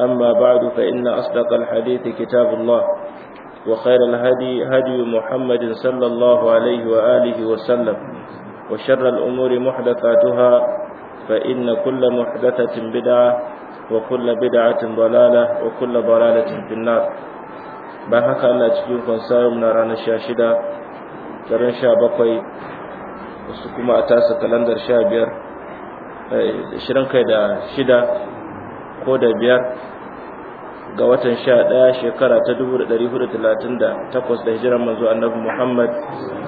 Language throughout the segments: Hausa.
أما بعد فإن أصدق الحديث كتاب الله وخير الهدي هدي محمد صلى الله عليه وآله وسلم وشر الأمور محدثاتها فإن كل محدثة بدعة وكل بدعة ضلالة وكل ضلالة في النار بحق الله تكون فنسايم ناران الشاشدة garin sha bakwai wasu kuma a tasa kalandar sha biyar ashirin kai da shida ko da biyar ga watan sha ɗaya shekara ta dubu da ɗari hudu talatin da takwas da hijiran manzo annabi muhammad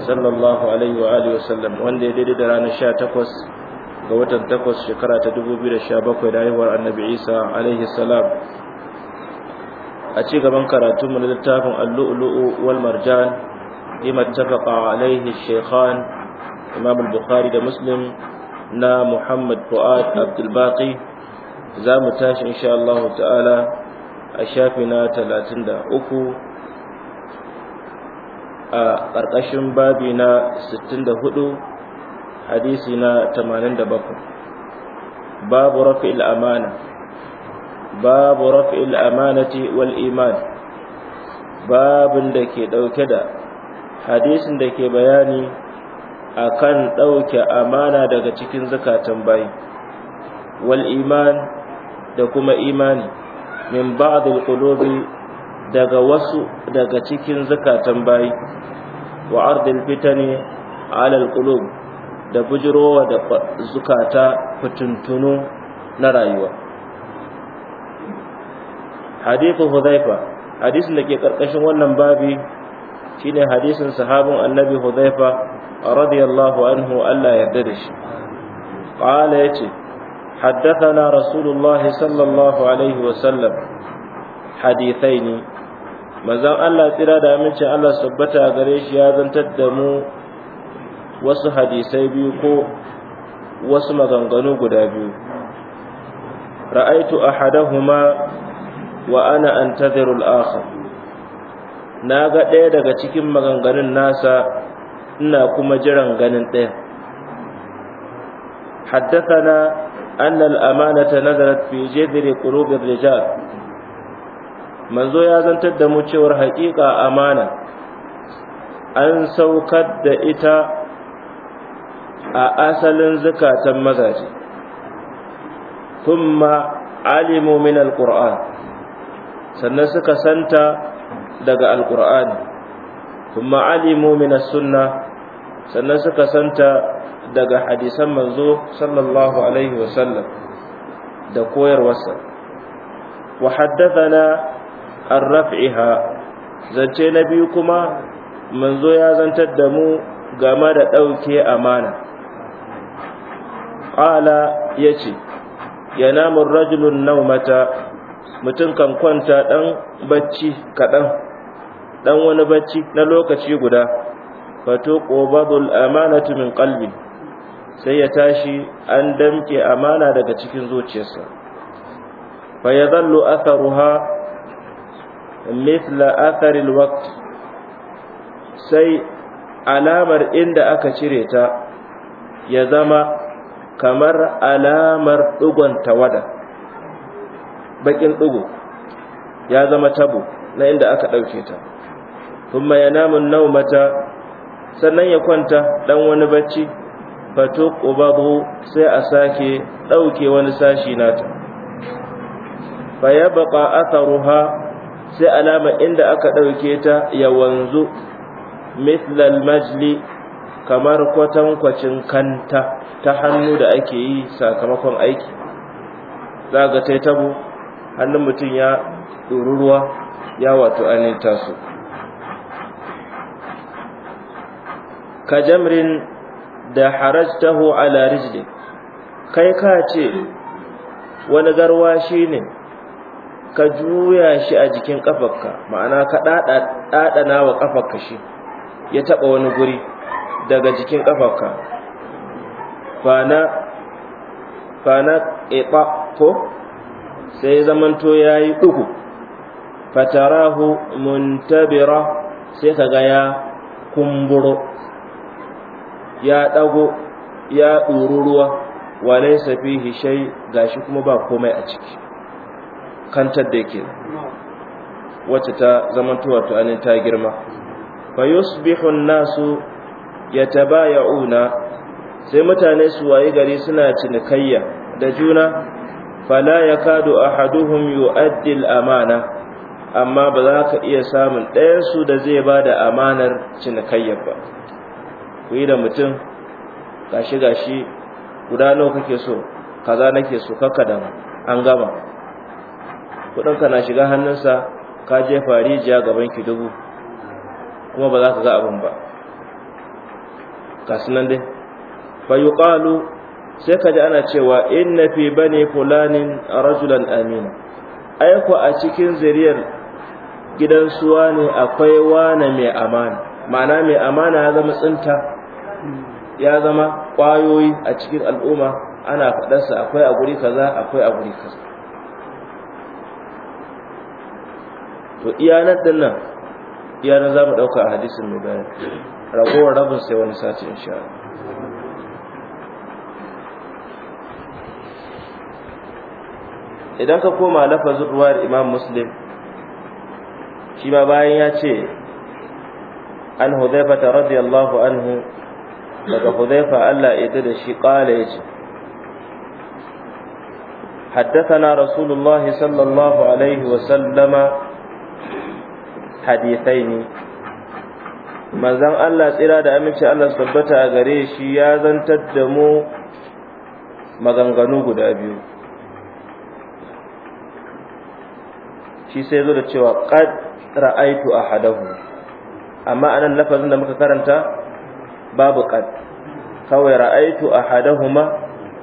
sallallahu alaihi wa alihi wasallam wanda ya daidai da ranar sha takwas ga watan takwas shekara ta dubu biyu da sha bakwai da haihuwar annabi isa alaihi salam a ci gaban karatu mu na littafin allu'ulu'u wal marjan lima tafaqa alaihi shaykhan imam al-bukhari da muslim na muhammad fuad abdul za mu tashi insha Allah ta'ala a shafi na talatin da uku a ƙarƙashin babi na sittin da hudu hadisi na tamanin da bakwai babu rafi'il amana babu rafi'il amanati wal iman babin da ke ɗauke da hadisin da ke bayani akan ɗauke amana daga cikin zukatan bayi wal iman da kuma imani min ba'dil qulubi daga wasu daga cikin zakatan bayi wa ardil fitani al qulub da bujirowa da zukata fitintunu na rayuwa hadithu hudhaifa hadisin da ke karkashin wannan babi shine hadisin sahabin annabi hudhaifa radiyallahu anhu Allah yarda da shi qala yace حدثنا رسول الله صلى الله عليه وسلم حديثين manzon Allah tsira da amincin Allah subbata gare shi ya zantar da mu wasu hadisai biyu ko wasu maganganu guda biyu ra'aitu ahadahuma wa ana antaziru al-akhar na ga ɗaya daga cikin maganganun nasa ina kuma jiran ganin ɗaya حدثنا أن الأمانة نزلت في جذر قلوب الرجال manzo ya zantar da mu haƙiƙa amana an saukar da ita a asalin zukatan mazaje kuma alimu alƙur'an sannan suka santa daga alƙur'ani kuma alimu sunna sannan suka santa daga hadisan manzo sallallahu alaihi wasallam da koyarwarsa wa haddathana an raf'iha zance na biyu kuma manzo ya zantar da mu game da ɗauke amana qala ya ce yana rajulun nawmata mutum kan kwanta dan bacci kaɗan ɗan wani bacci na lokaci guda fato ƙobadul amanatu min ƙalbi sai ya tashi an damke amana daga cikin zuciyarsa fa ya zallu atharuha mithla atharil waqt sai alamar inda aka cire ta ya zama kamar alamar dugon tawada bakin dugo ya zama tabo na inda aka dauke ta kuma ya namun naumata sannan ya kwanta dan wani bacci ƙubabu sai a sake ɗauke wani sashi nata fa ya aka atharuha sai alama inda aka ɗauke ta ya wanzu mithlal majli kamar kwatankwacin kanta ta hannu da ake yi sakamakon aiki za ga ta tabo hannun mutum ya dururuwa ya wato anin taso ka jamrin da harajtahu ala rijli kai ka ce wani garwa shi ne ka juya shi a jikin kafarka ma'ana ka dada wa kafarka shi ya taɓa wani guri daga jikin kafarka fana fana ƙeɓa ko sai zamanto ya yi ɗugu fatarahu muntabira sai kaga ya kumburo ya dago ya ɗoru ruwa wa laysa fihi shay gashi kuma ba komai a ciki kantar da yake wacce ta zamanto to anin ta girma fa yusbihu an-nasu yatabaya'una sai mutane su waye gari suna cinikayya da juna fala yakadu ahaduhum yu'addi al-amana amma ba za ka iya samun ɗayansu da zai ba da amanar cinikayyar ba ku yi da mutum gashi gashi guda nawa kake so kaza nake so kakka da an gama kudinka na shiga hannunsa ka jefa rijiya gaban ki dubu kuma ba za ka ga abin ba kasu nan dai fayuqalu sai ka ji ana cewa na fi bane fulanin rajulan amina aiko a cikin zuriyar gidan suwa ne akwai wane mai amana ma'ana mai amana ya zama tsinta ya zama kwayoyi a cikin al'umma ana faɗarsa akwai a guri kaza akwai a guri kaza to iyanar din nan iyanar za mu ɗauka a hadisin mai bayan ragowar rabin sai wani sati insha Allah idan ka koma lafazin ruwayar imam muslim shi ma bayan ya ce an hudaifata radiyallahu anhu daga Hudhayfa Allah ya da shi qala yace حدثنا رسول sallallahu alaihi wa sallama وسلم manzon Allah tsira da aminci Allah su tabbata a gare shi ya zantar da mu maganganu guda biyu shi sai zo da cewa qad ra'aitu ahadahu amma anan lafazin da muka karanta babu qad kawai ra'aitu ahadahuma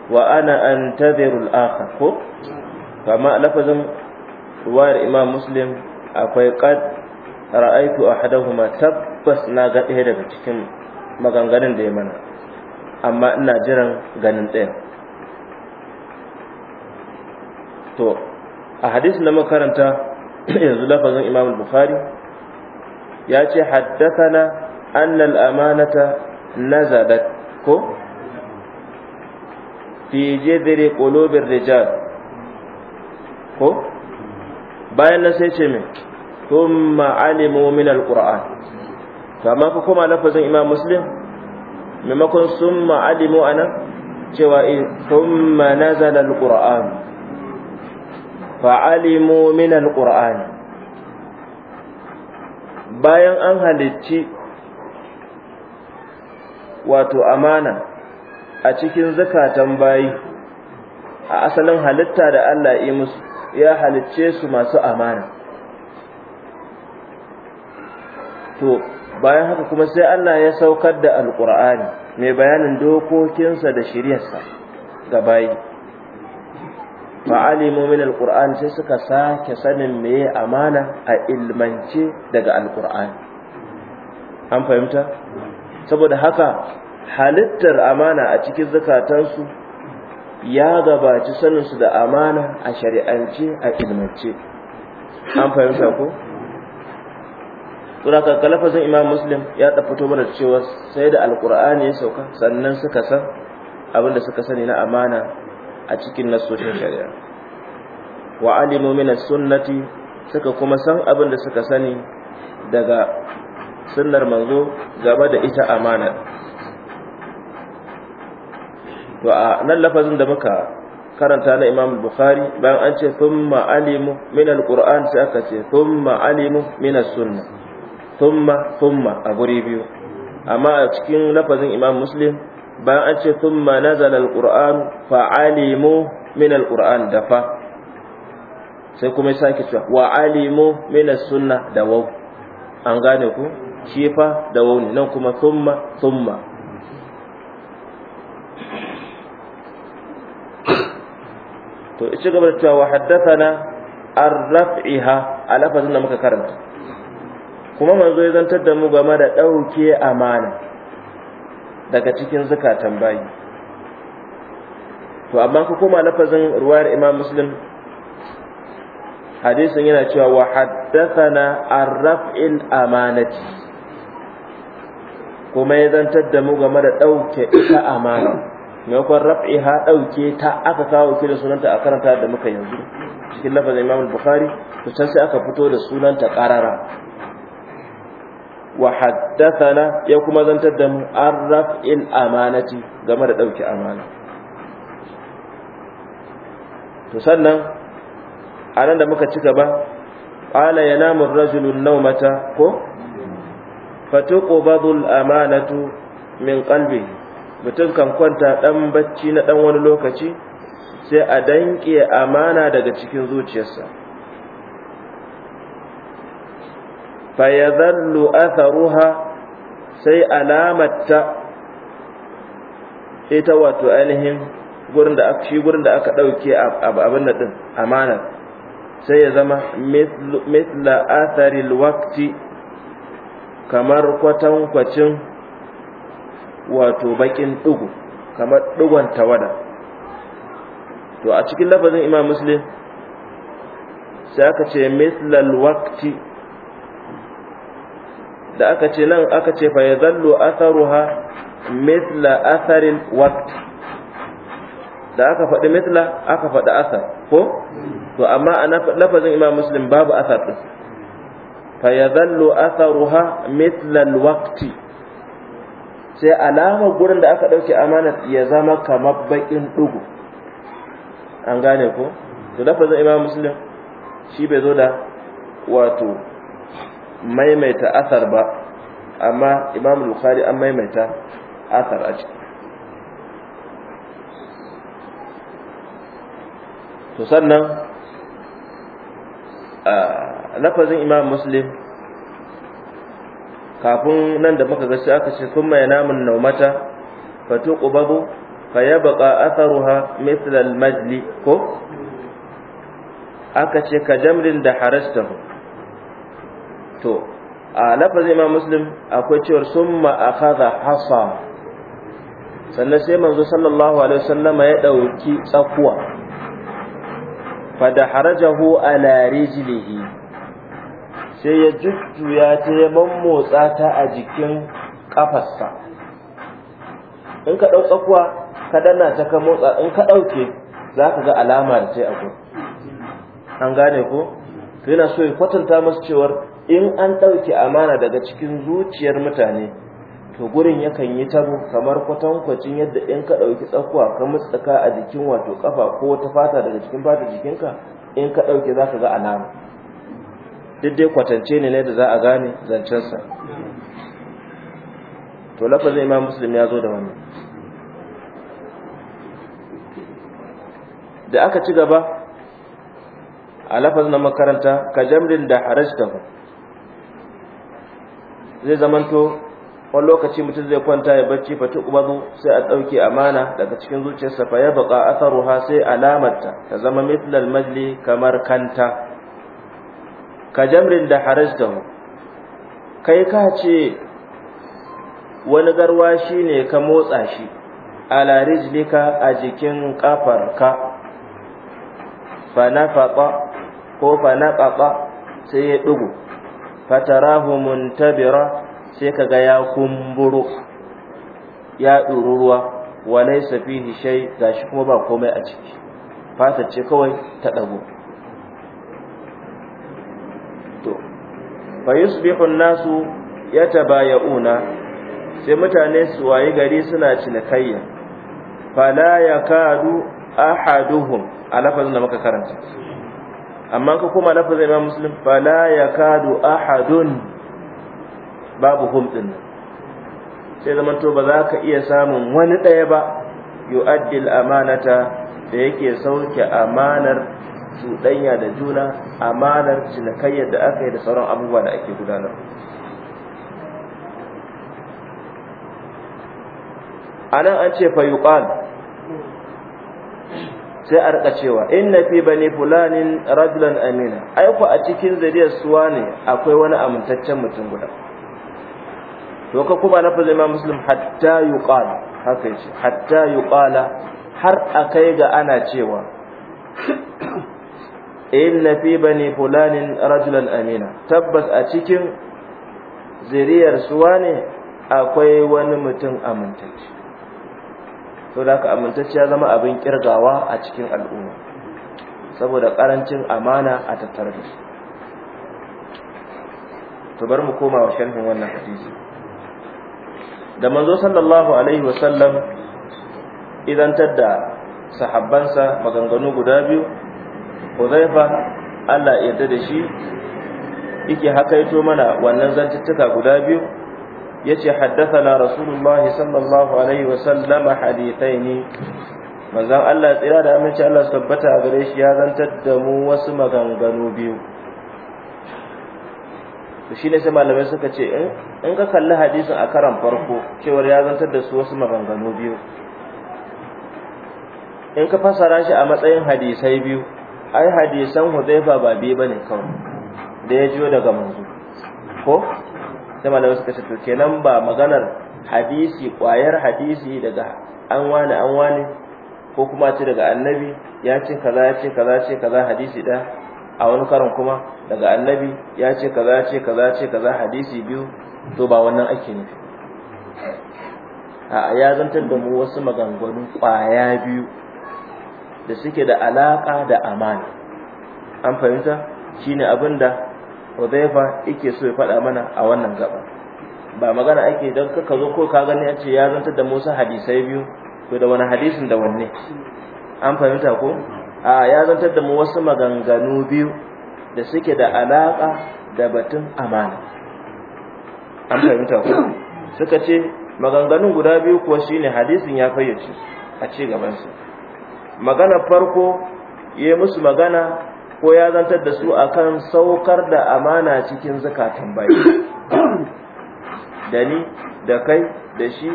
wa ana antadhiru al-akhar ko kama lafazin ruwayar imam muslim akwai qad ra'aitu ahadahuma tabbas na ga ɗaya daga cikin maganganun da ya mana amma ina jiran ganin ɗaya to a hadisin da makaranta yanzu lafazin imam bukhari ya ce haddathana annal amanata nazalat ko fi jidri qulubir rijal ko bayan nan sai ce me thumma alimu min ko kuma lafazin imam muslim maimakon summa alimu anan cewa thumma nazala alquran fa alimu min alquran bayan an halicci wato amana a cikin zakatan bayi a asalin halitta da Allah ya musu ya halicce su masu amana to bayan haka kuma sai Allah ya saukar da alkur'ani mai bayanin dokokinsa da shiryarsa ga bayi fa'alimu min alqur'an sai suka sake sanin meye amana a ilmance daga alkur'ani an fahimta saboda haka halittar amana a cikin zakatansu ya gabaci saninsu da amana a shari'ance a ilmance an fahimta ko? turaka kalafazin imam muslim ya tafito mana cewa sai da alkur'ani ya sauka sannan suka san abinda suka sani na amana a cikin nasoshin shari'a wa alimu sunnati suka kuma san abinda suka sani daga sunnar manzo game da ita amana to a nan lafazin da muka karanta na Imam Bukhari bayan an ce thumma alimu min alquran sai aka ce thumma alimu min as-sunnah thumma thumma a guri biyu amma a cikin lafazin Imam Muslim bayan an ce thumma nazala alquran fa alimu min alquran da fa sai kuma ya ke cewa wa alimu min as da waw an gane ku shi da wani nan kuma thumma thumma to ita gaba da cewa haddathana ar-raf'iha a lafazin da muka karanta kuma manzo ya zantar da mu game da dauke amana daga cikin zakatan bayi to amma ku koma lafazin ruwayar Imam Muslim hadisin yana cewa wa haddathana ar-raf'il amanati kuma ya zantar da mu game da ɗauke ita amana maimakon ha ɗauke ta aka kawo ke da sunanta a karanta da muka yanzu cikin lafazin imam bukhari to can sai aka fito da sunanta ƙarara wa haddathana ya kuma zantar da mu an raf'il amanati game da ɗauke amana to sannan a nan da muka ci gaba qala ya ar rajulun naumata mata ko fatuqbadul amanatu min qalbi mutum kan kwanta dan bacci na dan wani lokaci sai a danke amana daga cikin zuciyarsa fa yadhallu atharuha sai alamatta ita wato ainihin gurin da aka shi gurin da aka dauke abin nan din amana sai ya zama mithla atharil waqti kamar kwatankwacin wato bakin ɗigo kamar ɗigon tawada to a cikin lafazin imam muslim sai aka ce mislal waqti da aka ce nan aka ce fa yadallu atharuha mithla atharil waqt da aka faɗi mithla aka faɗi asar ko to amma a lafazin imam muslim babu asar din fayadhallu atharuha mithla alwaqti sai alama gurin da aka dauke amanar ya zama kamar bakin dugu an gane ko to lafazin imam muslim shi bai zo da wato maimaita asar ba amma imam bukhari an maimaita asar a ciki to sannan ah, lafazin imam muslim kafin nan da muka gasi aka ce sun mai namun naumata fatu ƙubabu fa ya baƙa atharuha mithlal majli ko aka ce ka jamrin da harastahu to a lafazin imam muslim akwai cewar sun ga hasa sannan sai manzo sallallahu alaihi wasallama ya ɗauki tsakuwa fa da harajahu ala rijlihi sai ya jujjuya ta ya mammotsa ta a jikin kafarsa in ka ɗau tsakuwa ka danna ta ka motsa in ka ɗauke za ka ga alama da ce a gudu an gane ko yana so ya kwatanta masu cewar in an ɗauke amana daga cikin zuciyar mutane to gurin yakan yi tabo kamar kwatankwacin yadda in ka ɗauki tsakuwa ka mutsaka a jikin wato kafa ko ta fata daga cikin fata jikinka in ka ɗauke za ka ga alama duk dai kwatance ne da za a gane zancensa to lafazin imam muslim ya zo da wannan da aka ci gaba a lafazin na makaranta ka jamrin da ba zai zamanto wani lokaci mutum zai kwanta ya bacci fatu ubazu sai a ɗauke amana daga cikin zuciyarsa fa ya baka atharuha sai alamarta ta zama mitlal majli kamar kanta ka jamrin da haras da mu kai ka ce wani garwa shi ne ka motsa shi ala rijlika a jikin kafarka ka nafaqa ko fana sai ya dugu fatarahu muntabira sai kaga ya kumburu ya ɗuru ruwa walai safihi shai gashi kuma ba komai a ciki fata ce kawai ta ɗago fito fa yusbihu an-nasu yatabaya'una sai mutane su wayi gari suna cinikayya fala yakadu ahaduhum a lafazin da muka karanta amma ka kuma lafazin imam muslim fala yakadu ahadun babu hum din sai zaman to ba za ka iya samun wani ɗaya ba yu'addil amanata da yake sauke amanar cuɗanya da juna amanar cinikayyar da aka yi da sauran abubuwa da ake gudanar a nan an ce fayuqal sai a rika cewa inna fi bani fulanin rajulan amina aiku a cikin zariyar suwa ne akwai wani amintaccen mutum guda to ka kuma na fazil imam muslim hatta yuqal haka yace hatta yuqala har kai ga ana cewa inna fi bani fulanin rajulan amina tabbas a cikin zuriyar suwa ne akwai wani mutum amintacce to da ka amintacce ya zama abin kirgawa a cikin al'umma saboda karancin amana a tattare da su to bar mu koma wa sharhin wannan hadisi da manzo sallallahu alaihi wasallam idan tadda sahabbansa maganganu guda biyu Huzaifa Allah ya yarda da shi yake hakaito mana wannan zantuttuka guda biyu yace haddathana rasulullahi sallallahu alaihi wa sallama hadithaini manzan Allah tsira da aminci Allah tabbata a gare shi ya zantar da mu wasu maganganu biyu to ne sai malamai suka ce eh, in ka kalli hadisin a karan farko cewar ya zantar da su wasu maganganu biyu in ka fassara shi a matsayin hadisai biyu ai hadisan Hudhaifa ba biyu bane kawai da ya jiyo daga manzo ko sai malamai suka ce to kenan ba maganar hadisi kwayar hadisi daga an wani an wani ko kuma ce daga annabi ya ce kaza ya ce kaza ce kaza hadisi da a wani karin kuma daga annabi ya ce kaza ce kaza ce kaza hadisi biyu to ba wannan ake nufi a ya zantar da mu wasu maganganu kwaya biyu da suke da alaka da amana an fahimta shine abinda Hudhaifa yake so ya faɗa mana a wannan gaba ba magana ake dan kaka zo ko ka gani a ce ya zantar da Musa hadisai biyu ko da wani hadisin da wanne an fahimta ko a ya zantar da mu wasu maganganu biyu da suke da alaka da batun amana an fahimta ko suka ce maganganun guda biyu kuwa shine hadisin ya fayyace a ci gaban su magana farko ya musu magana ko ya zantar da su akan saukar da amana cikin zukatan bayi da ni da kai da shi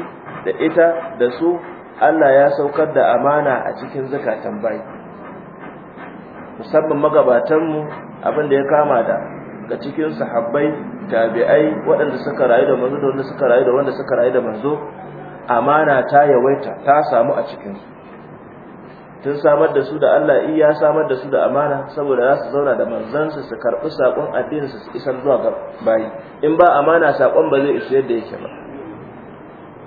da ita da su Allah ya saukar da amana a cikin zukatan bayi musamman magabatanmu abin da ya kama da ga cikin sahabbai tabi'ai waɗanda suka rayu da manzo da wanda suka rayu da wanda suka rayu da manzo amana ta yawaita ta samu a cikinsu tun samar da su da Allah iya samar da su da amana saboda za su zauna da manzansu su karɓi saƙon addininsu su isar zuwa ga bayi in ba amana saƙon ba zai isu yadda yake ba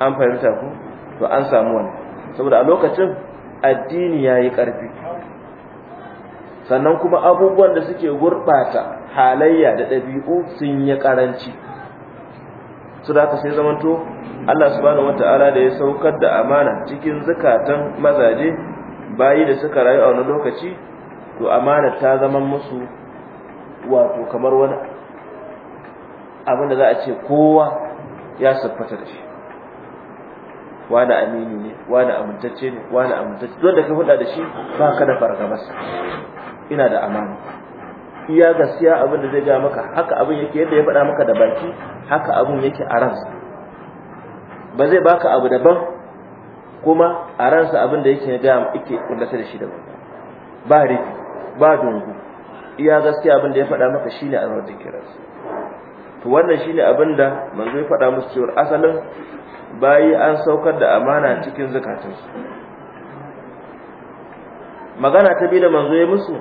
an fahimta ku to an samu wani saboda a lokacin addini ya yi ƙarfi sannan kuma abubuwan da suke gurɓata halayya da ɗabi'u sun yi ƙaranci su da sai zamanto Allah subhanahu ta'ala da ya saukar da amana cikin zukatan mazaje bayi da suka rayu a wani lokaci to amana ta zama musu wato kamar wani abin da za a ce kowa ya siffata da shi wani amini ne wani amintacce ne wani amintacce don da ka huda da shi ba ka da fargabas ina da amana iya gaskiya abin da zai ga maka haka abin yake yadda ya faɗa maka da baki haka abin yake a ransa ba zai baka abu daban kuma a ransa abin da yake ya gaya ike kullata da shi da wanda, ba rifi ba dungu iya gaskiya abin da ya faɗa maka shine a wajen kiransa to wannan shine abin da manzo ya faɗa musu cewa asalin bayi an saukar da amana cikin zakatunsu magana ta biyu da manzo ya musu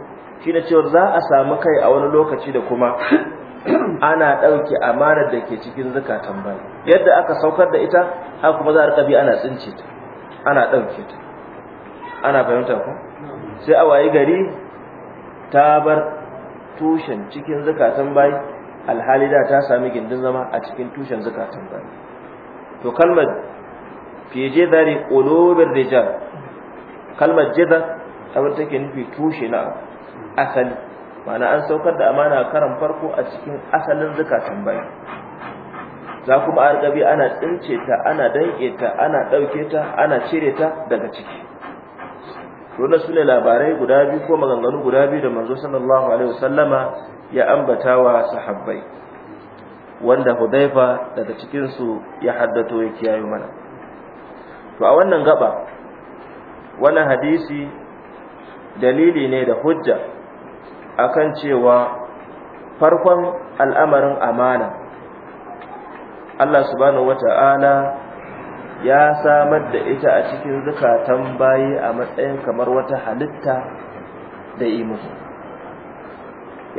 shine cewa za a samu kai a wani lokaci da kuma ana ɗauke amanar da ke cikin zakatan bayi yadda aka saukar da ita haka kuma za a rika bi ana tsince ta ana ɗauke ta ana fahimta ko sai a wayi gari ta bar tushen cikin zakatan bayi alhali da ta sami gindin zama a cikin tushen zakatan bayi to kalmar fi jidari qulubir rijal kalmar jidar abin take nufi tushe na asali ma'ana an saukar da amana karan farko a cikin asalin zakatan bayi za kuma a ana tsince ta ana danke ta ana ɗauke ta ana cire ta daga ciki dole su ne labarai guda biyu ko maganganu guda biyu da manzo sallallahu alaihi wasallama ya ambata wa sahabbai wanda hudaifa daga cikin su ya haddato ya kiyaye mana to a wannan gaba wannan hadisi dalili ne da hujja akan cewa farkon al'amarin amana Allah subhanahu wata'ala ya samar da ita a cikin zukatan bayi a matsayin kamar wata halitta da yi musu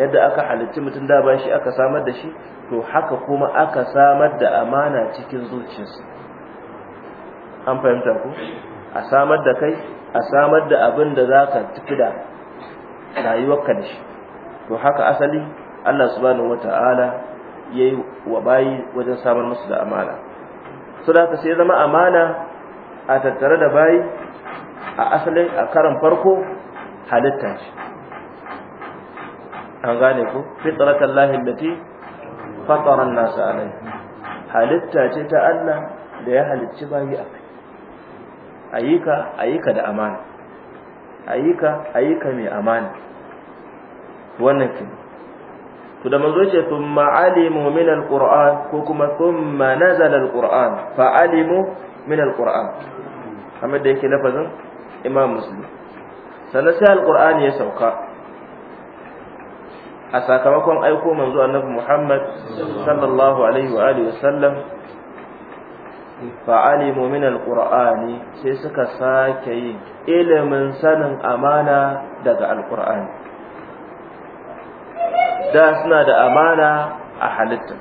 yadda aka halitta mutum da ba shi aka samar da shi to haka kuma aka samar da amana cikin zuciyarsa an fahimta ku a samar da kai a samar da abin da za ka tafi da rayuwarka da shi to haka asali Allah subhanahu wata'ala ya yi wa bayi wajen samar musu da amana su da sai zama amana a tattare da bayi a asalin a karan farko halitta ce an gane ku fitratan lahin da ti fataran nasa halitta ce ta Allah da ya halicci bayi a kai ayyuka ayyuka da amana ayyuka ayyuka mai amana wannan kenan to da manzo ce thumma alimu min alquran ko kuma thumma nazala alquran fa alimu min alquran kamar da yake lafazin imam muslim sannan sai alqur'ani ya sauka a sakamakon aiko manzo annabi muhammad sallallahu alaihi wa alihi wasallam fa alimu min alqur'ani sai suka sake yin ilimin sanin amana daga alqur'ani da suna da amana a halitta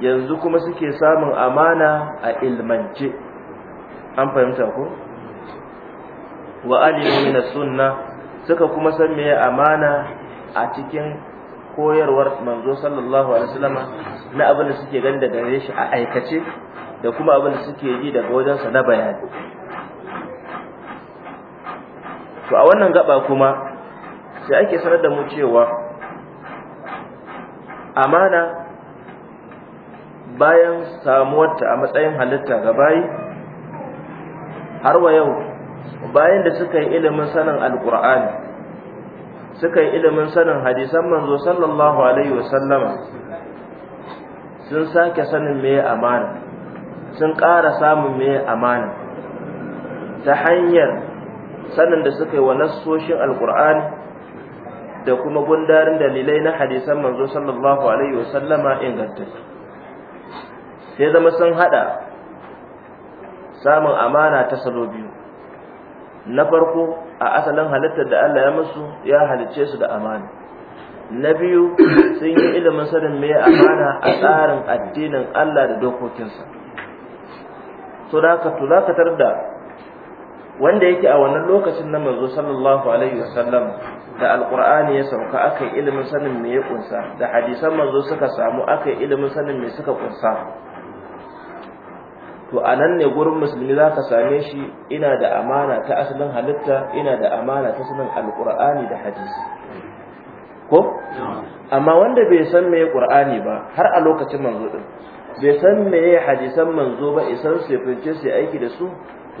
yanzu kuma suke samun amana a ilmance an fahimta ko wa alimi na sunna suka kuma san meye amana a cikin koyarwar manzo sallallahu alaihi wasallama na abin da suke gani da gare shi a aikace da kuma abin da suke yi daga sa na bayani to a wannan gaba kuma sai ake sanar da mu cewa amana bayan samuwarta a matsayin halitta ga bayi har wa yau bayan da suka yi ilimin sanin alkur'ani suka yi ilimin sanin hadisan manzo sallallahu alaihi wasallama sun sake sanin meye amana sun ƙara samun meye amana ta hanyar sanin da suka yi wa nassoshin alkur'ani da kuma gundarin dalilai na hadisan manzo sallallahu alaihi wasallama inganta, sai zama sun hada samun amana ta salo biyu na farko a asalin halittar da Allah ya musu ya halicce su da amana na biyu sun yi ilimin sanin mai amana a tsarin addinin Allah da dokokinsa to da ka tula ka tarda wanda yake a wannan lokacin na manzo sallallahu alaihi wasallam da alqur'ani ya sauka akai ilimin sanin me ya kunsa da hadisan manzo suka samu akai ilimin sanin me suka kunsa to anan ne gurin musulmi zaka same shi ina da amana ta asalin halitta ina da amana ta sanin alqur'ani da hadisi ko amma wanda bai san me qur'ani ba har a lokacin manzo din bai san me hadisan manzo ba isan sai fice sai aiki da su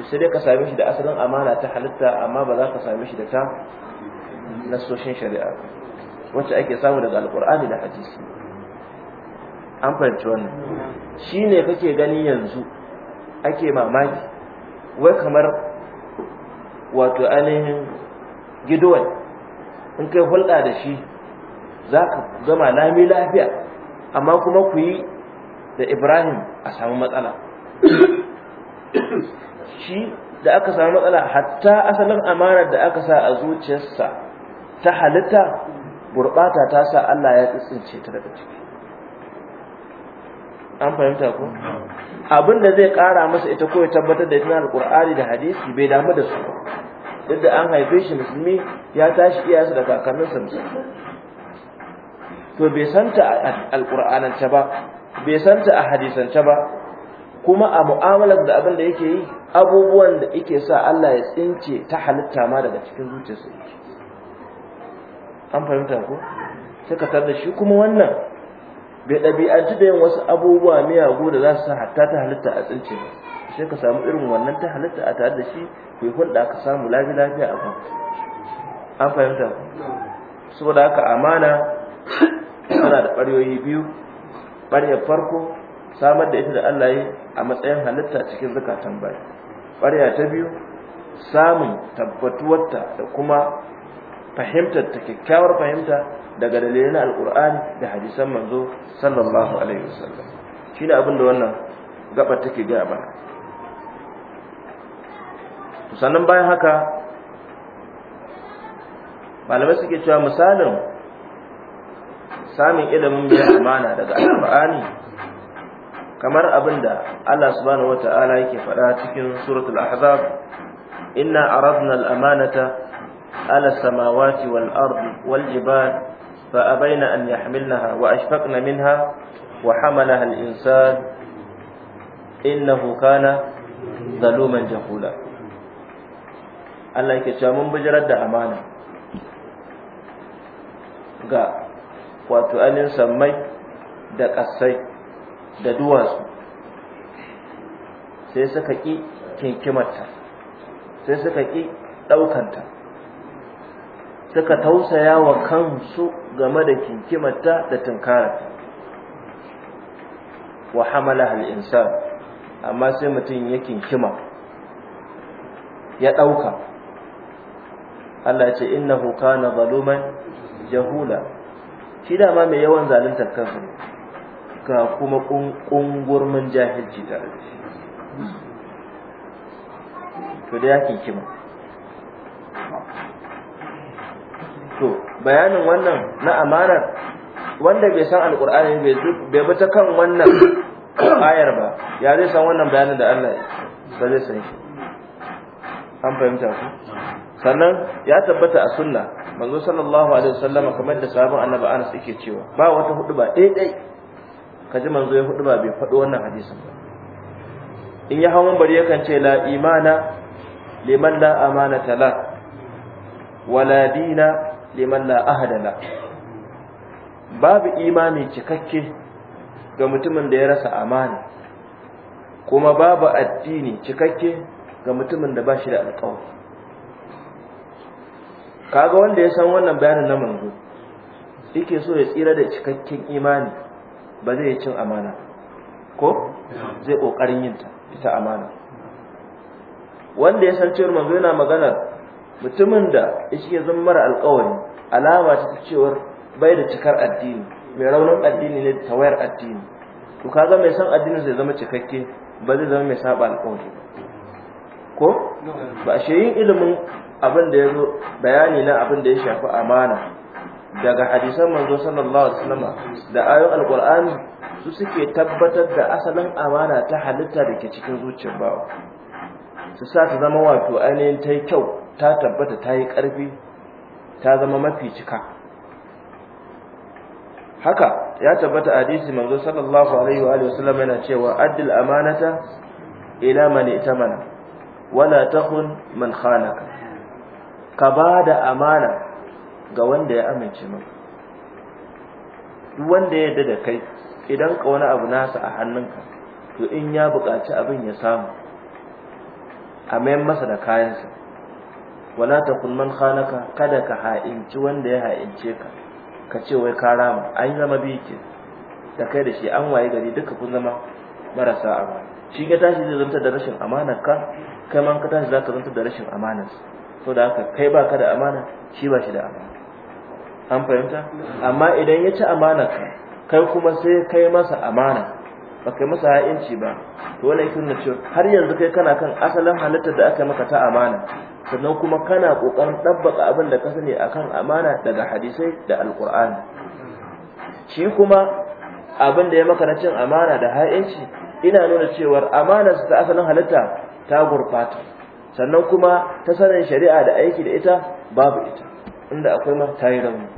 to sai dai ka same shi da asalin amana ta halitta amma ba za ka same shi da ta nasoshin shari'a wacce ake samu daga alkur'ani da hadisi an fahimci wannan shi ne kake gani yanzu ake mamaki wai kamar wato ainihin gidowar in kai hulɗa da shi za ka gama lami lafiya amma kuma ku yi da ibrahim a samu matsala shi da aka samu matsala hatta asalin amanar da aka sa a zuciyarsa ta halitta gurbata ta sa Allah ya tsince ta daga ciki an fahimta ko abin da zai kara masa ita ko ya tabbatar da ita alqur'ani da hadisi bai damu da su duk da an haife shi musulmi ya tashi iyasu da kakanninsa musulmi to bai santa a alqur'anance ba bai santa a hadisance ba kuma a mu'amalar da abin da yake yi abubuwan da yake sa Allah ya tsince ta halitta ma daga cikin zuciyarsa yake an fahimta ko sai ka tar shi kuma wannan bai ɗabi'anci da yin wasu abubuwa miyagu da za su sa hatta ta halitta a tsince ba sai ka samu irin wannan ta halitta a tare da shi kai hulɗa ka samu lafi lafiya a kan an fahimta ko saboda haka amana tana da ɓaryoyi biyu ɓaryar farko samar da ita da Allah yi a matsayin halitta cikin zukatan bai ɓarya ta biyu samun tabbatuwarta da kuma fahimtar ta kyakkyawar fahimta daga dalilin alkur'ani da hadisan manzo sallallahu alaihi wasallam shine abin da wannan gaba take ba mana sannan bayan haka malamai suke cewa misalin samun ilimin biyan amana daga alkur'ani kamar abinda da Allah subhanahu wata'ala yake faɗa cikin suratul ahzab inna aradna al-amanata على السماوات والأرض والجبال فأبين أن يحملنها وأشفقن منها وحملها الإنسان إنه كان ظلوما جهولا Allah yake cewa mun bijirar da amana ga wato anin sammai da ƙasai da duwatsu sai suka ƙi kinkimarta sai suka ƙi ɗaukanta suka tausaya wa kansu game da kinkimarta da tunkara wa hamala al'insan amma sai mutum ya kinkima ya ɗauka Allah ce innahu kana zaluman jahula shi dama mai yawan zaluntar kansa ga kuma ƙungurmin jahilci tare to da ya kinkima to bayanin wannan na amanar wanda bai san alkur'ani bai bi ta kan wannan ayar ba ya zai san wannan bayanin da Allah ba zai san shi an fahimta ku sannan ya tabbata a sunna manzo sallallahu alaihi wasallama kamar da sabon annabi Anas yake cewa ba wata hudu ba dai dai kaji manzo ya hudu ba bai faɗo wannan hadisin ba in ya hawan bari yakan ce la imana liman la amana la wala dina liman la ahadala babu imani cikakke ga mutumin da ya rasa amana kuma babu addini cikakke ga mutumin da ba shi da alƙawari kaga wanda ya san wannan bayanin na manzo yake so ya tsira da cikakken imani ba zai cin amana ko zai ƙoƙarin yin ta ita amana wanda ya san cewar manzo yana maganar mutumin da yake zama mara alƙawari alama ta cewar bai da cikar addini mai raunin addini ne da tawayar addini to kaga mai san addini zai zama cikakke ba zai zama mai saba alƙawari ko ba shi yin ilimin abin da ya bayani na abin da ya shafi amana daga hadisan manzo sallallahu alaihi wasallam da ayoyin alqur'ani su suke tabbatar da asalin amana ta halitta da ke cikin zuciyar bawa su sa ta zama wato ainihin ta kyau ta tabbata ta yi ƙarfi ta zama mafi cika haka ya tabbata hadisi manzo sallallahu alaihi wa sallam yana cewa addil amanata ila man itamana wala takhun man khanaka ka bada amana ga wanda ya amince maka duk wanda ya yarda da kai idan ka wani abu nasa a hannunka to in ya buƙaci abin ya samu a mayan masa da kayansa wala takun man khanaka kada ka ha'inci wanda ya ha'ince ka ka ce wai ka rama an zama biki da kai da shi an waye gari duka kun zama marasa amana shi ka tashi zai zanta da rashin amanar ka kai man ka tashi zaka zanta da rashin amanar so da haka kai baka da amana shi ba shi da amana an fahimta amma idan ya ci amanar ka kai kuma sai kai masa amana ba kai masa ha'inci ba to wani yake nuna cewa har yanzu kai kana kan asalin halittar da aka maka ta amana sannan kuma kana kokarin dabbaka abin da ka sani akan amana daga hadisai da alqur'ani shi kuma abin da ya maka na cin amana da ha'inci ina nuna cewa amana ta asalin halitta ta gurfata sannan kuma ta sanin shari'a da aiki da ita babu ita inda akwai ma tayi rauni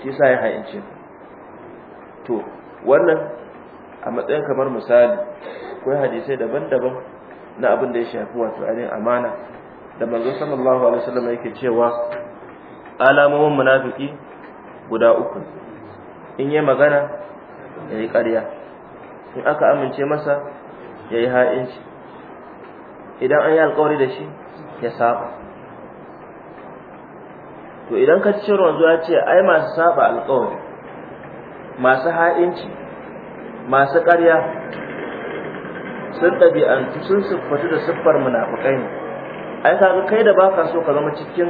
shi sa ya haƴanci to wannan a matsayin kamar misali akwai hadisai daban-daban na abin da ya shafi wato ainihin amana da manzo sallallahu alaihi wasallam yake cewa alamomin munafiki guda uku in yi magana ya yi ƙarya in aka amince masa ya yi ha'inci idan an yi alƙawari da shi ya saba to idan ka ci wanzu ya ce ai masu saba alƙawari masu ha'inci masu ƙarya sun ɗabi'antu sun siffatu da siffar munafukai ne ai kaga kai da baka so ka zama cikin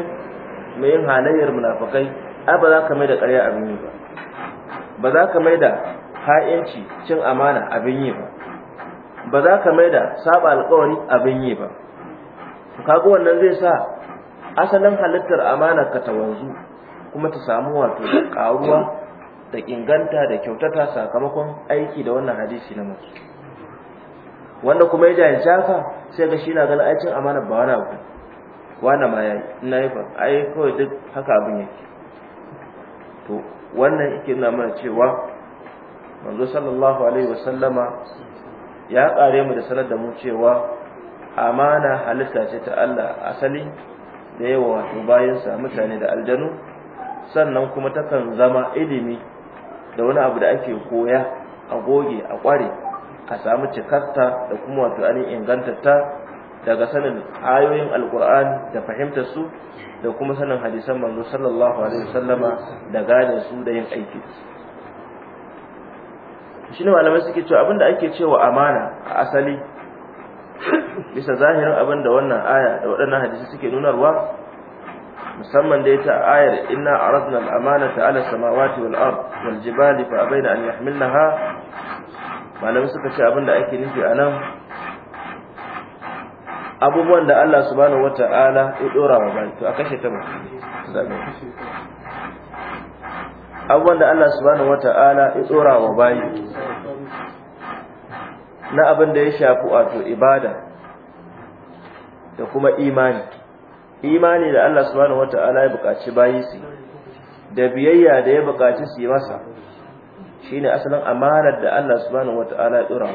mai yin halayyar munafikai ai ba za ka mai da ƙarya abin yi ba ba za ka mai da ha'inci cin amana abin yi ba ba za ka mai da saba alkawari abin yi ba kaga wannan zai sa asalin halittar amana ka ta wanzu kuma ta samu wato da ƙaruwa da inganta da kyautata sakamakon aiki da wannan hadisi na musu wanda kuma ya jahilci haka sai ga shi na ganin aikin amana ba wani abu wani ma yayi ina yi ai kawai duk haka abin yake to wannan yake nuna mana cewa manzo sallallahu alaihi wasallama ya kare mu da sanar da mu cewa amana halitta ce ta Allah asali da yawa wato bayan sa mutane da aljanu sannan kuma takan zama ilimi da wani abu da ake koya a goge a kware A samu cikarta da kuma wato inganta ta daga sanin ayoyin alkur'ani da fahimtar su da kuma sanin hadisan manzo sallallahu alaihi wasallama da gane su da yin aiki shi ne malamai suke cewa abinda ake cewa amana a asali bisa zahirin abinda wannan aya da waɗannan hadisi suke nunarwa musamman da ita ayar inna aradna al-amanata ala samawati wal ard wal jibali fa abaina an yahmilnaha malamai suka ce abinda ake nufi a nan abubuwan da Allah subhanahu wata'ala ya dora wa bayi to a kashe ta ba abubuwan da Allah subhanahu wata'ala ya dora wa bayi na abin da ya shafi wato ibada da kuma imani imani da Allah subhanahu wata'ala ya buƙaci bayi su da biyayya da ya buƙaci su yi masa Shi ne asalin amanar da Allah subhanahu wataala ya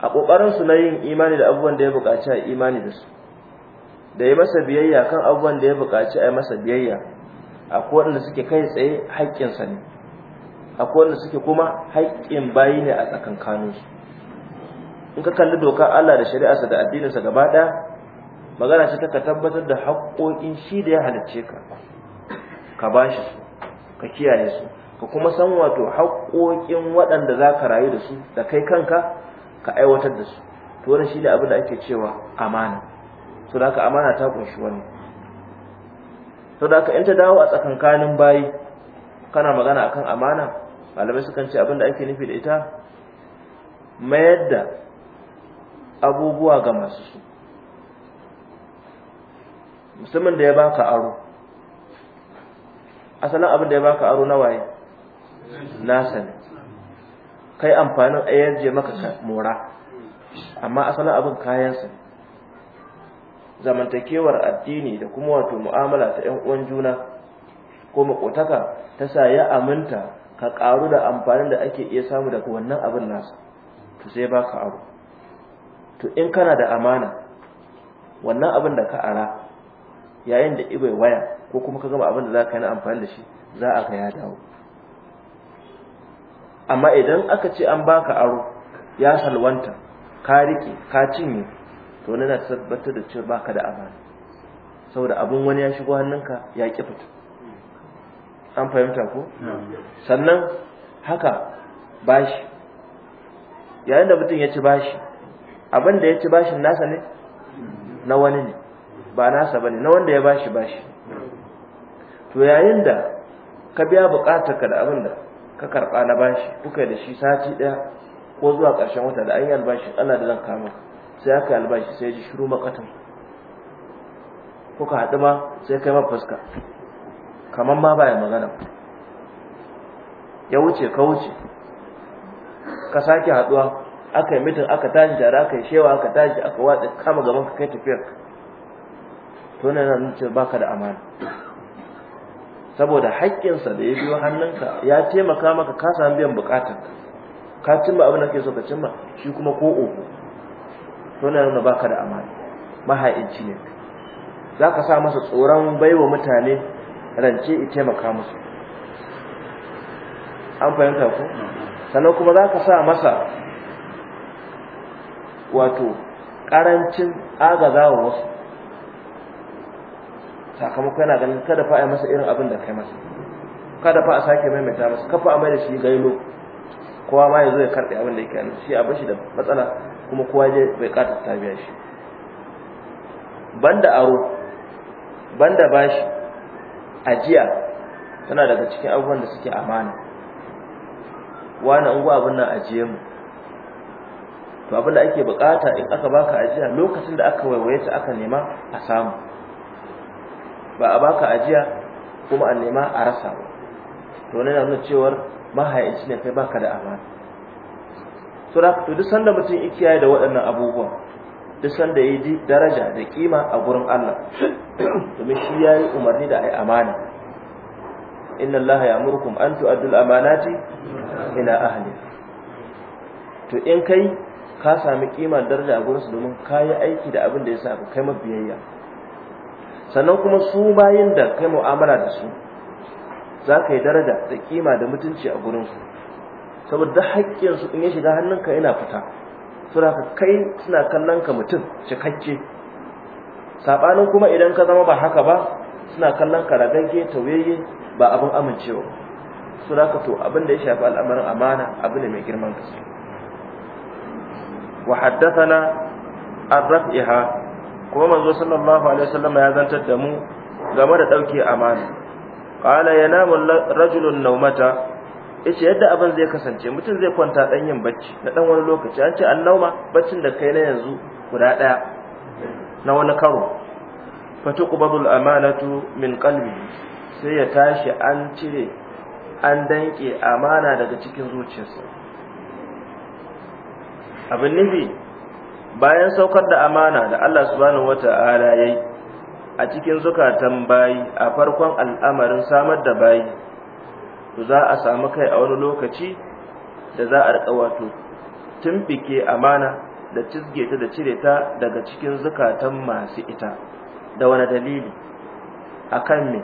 a ƙoƙarin su na yin imani da abubuwan da ya buƙaci a imani da su da ya masa biyayya kan abubuwan da ya buƙaci a yi masa biyayya akwai da suke kai tsaye haƙƙinsa ne akwai da suke kuma haƙƙin bayi ne a tsakankanin su in ka kalli doka Allah da shari'arsa da addininsa gaba ɗaya magana ce ta ka tabbatar da haƙƙoƙin shi da ya halicce ka ka bashi su ka kiyaye su ka kuma san wato haƙoƙin waɗanda za ka rayu da su da kai kanka ka aiwatar da su to wannan shi ne abin da ake cewa amana to da amana ta kunshi wani to da in ta dawo a tsakankanin bayi kana magana akan amana malamai sukan ce abin da ake nufi da ita mayar da abubuwa ga masu su musamman da ya baka aro asalin abin da ya baka aro na waye nasa ne kai amfanin ayar yarje maka mora amma asalin abin kayansa zamantakewar addini da kuma wato mu'amala ta yan uwan juna ko makotaka ta sa ya aminta ka karu da amfanin da ake iya samu daga wannan abin nasa to sai baka abu to in kana da amana wannan abin da ka ara yayin da ibai waya ko kuma ka gama abin da za ka yi na amfani da shi za a ga ya dawo amma idan aka ce an baka aro ya salwanta ka rike ka cinye to wani na tabbatar da cewa baka da amana saboda abun wani ya shigo hannunka ya ki fita an fahimta ko sannan haka bashi yayin da mutum ya ci bashi abin da ya ci bashin nasa ne na wani ne ba nasa bane na wanda ya bashi bashi to yayin da ka biya bukatarka da abin da ka karɓa na bashi kuka da shi sati ɗaya ko zuwa ƙarshen wata da an yi albashi ana da zan kama sai aka yi albashi sai ji shiru makatan kuka haɗu ma sai kai fuska kamar ma baya magana ya wuce ka wuce ka sake haɗuwa aka yi mitin aka tashi tare aka yi shewa aka tashi aka watsa kama gaban ka kai tafiyar to ne nan ba baka da amana saboda haƙƙinsa da ya biyo hannunka ya taimaka maka ka samu biyan buƙatar, ka cimma abin da ke so ka cimma shi kuma ko ogo to na nuna baka da amana mahaici ne za ka sa masa tsoron baiwa mutane rance i taimaka musu an fahimta ku sannan kuma za ka sa masa wato ƙarancin agaza wa wasu sakamako yana ganin kada fa a masa irin abin da kai masa kada fa a sake maimaita masa kafa a mai da shi gailo kowa ma ya zo ya karɓe abin da yake shi a bashi da matsala kuma kowa je bai ƙata ta biya shi banda aro banda bashi ajiya tana daga cikin abubuwan da suke amana wani unguwa abin nan ajiye mu to abin da ake bukata in aka baka ajiya lokacin da aka waiwaye ta aka nema a samu ba a baka ajiya kuma a nema a rasa ba to ne nuna cewar mahayanci ne kai baka da amana to da duk sanda mutum yake yayi da waɗannan abubuwan duk sanda yayi daraja da kima a gurin Allah domin shi yayi umarni da ai amana inna Allah ya'murukum an al amanati ila ahli to in kai ka sami kima daraja a gurinsu domin kayi aiki da abin da ya sa ka kai mabiyayya sannan kuma su bayin da kai mu'amala da su za ka yi daraja da kima da mutunci a gurinsu saboda haƙƙinsu in ya shiga hannunka yana fita suna ka kai suna kallon ka mutum cikakke saɓanin kuma idan ka zama ba haka ba suna kallon ka ragage tauyayye ba abin amincewa suna ka to abin da ya shafi al'amarin amana abu ne mai girman gaske wa haddathana an raf'iha kuma manzo sallallahu alaihi wasallam ya zantar da mu game da dauke amana qala yanamu rajulun nawmata yace yadda abin zai kasance mutum zai kwanta dan yin bacci na dan wani lokaci an ce annauma baccin da kai na yanzu guda daya na wani karo fatuqbadul amanatu min qalbi sai ya tashi an cire an danke amana daga cikin zuciyarsa abin nufi bayan saukar da amana da Allah subhanahu wata'ala yayi a cikin zukatan bayi a farkon al'amarin samar da bayi to za a samu kai a wani lokaci da za a rika wato tumfike amana da cizge ta da cire ta daga cikin zukatan masu ita da wani dalili akan me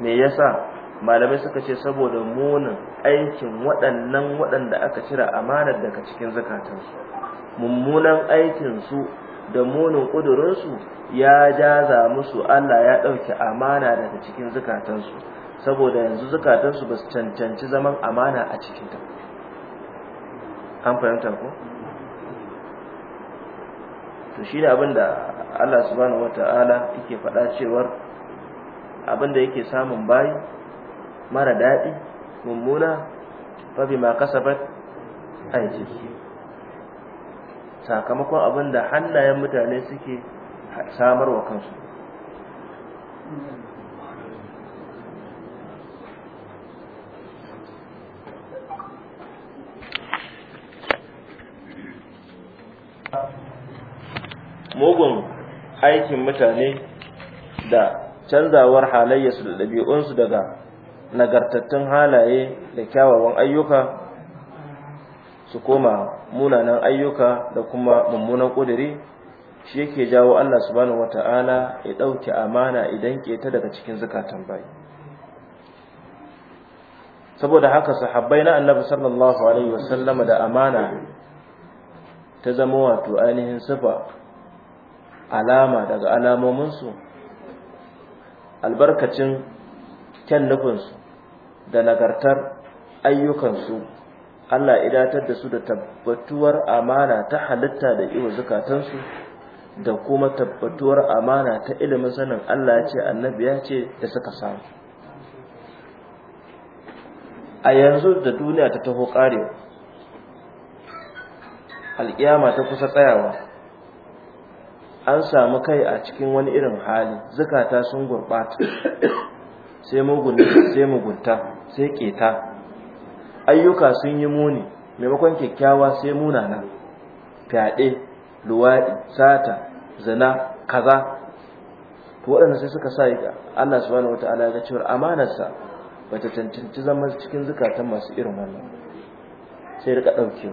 me yasa malamai suka ce saboda munin aikin waɗannan waɗanda aka cire amanar daga cikin zukatansu mummunan aikinsu da munin ƙudurinsu ya jaza musu Allah ya ɗauki amana daga cikin zukatansu saboda yanzu zukatansu ba su cancanci zaman amana a cikin ta an fahimta ko? to shi ne abinda Allah subhanahu wata'ala yake faɗa cewar abinda yake samun bayi mara daɗi mummuna fa kasa kasabat aiki sakamakon abin da hannayen mutane suke samar wa kansu mugun aikin mutane da canzawar halayyarsu da ɗabi'unsu daga nagartattun halaye da kyawawan ayyuka su koma munanan ayyuka da kuma mummunan ƙudiri shi yake jawo Allah subhanahu wata'ala ya ɗauke amana idan keta daga cikin zukatan bai saboda haka sahabbai na annabi sallallahu alaihi sallama, da amana ta zama wato ainihin sifa alama daga alamominsu albarkacin kyan nufinsu da nagartar ayyukansu Allah ya datar da su da tabbatuwar amana ta halitta da iwa zakatansu da kuma tabbatuwar amana ta ilimin sanin Allah ya ce annabi ya ce da suka samu a yanzu da duniya ta taho kare. alƙiyama ta kusa tsayawa an samu kai a cikin wani irin hali zukata sun gurɓata sai mugunta sai mugunta sai keta ayyuka sun yi muni maimakon kyakkyawa sai munana fyaɗe luwaɗi sata zina kaza to waɗanda sai suka sa Allah subhanahu wata'ala ga cewar amanarsa ba ta cancanci zama cikin zukatan masu irin wannan sai rika ɗauke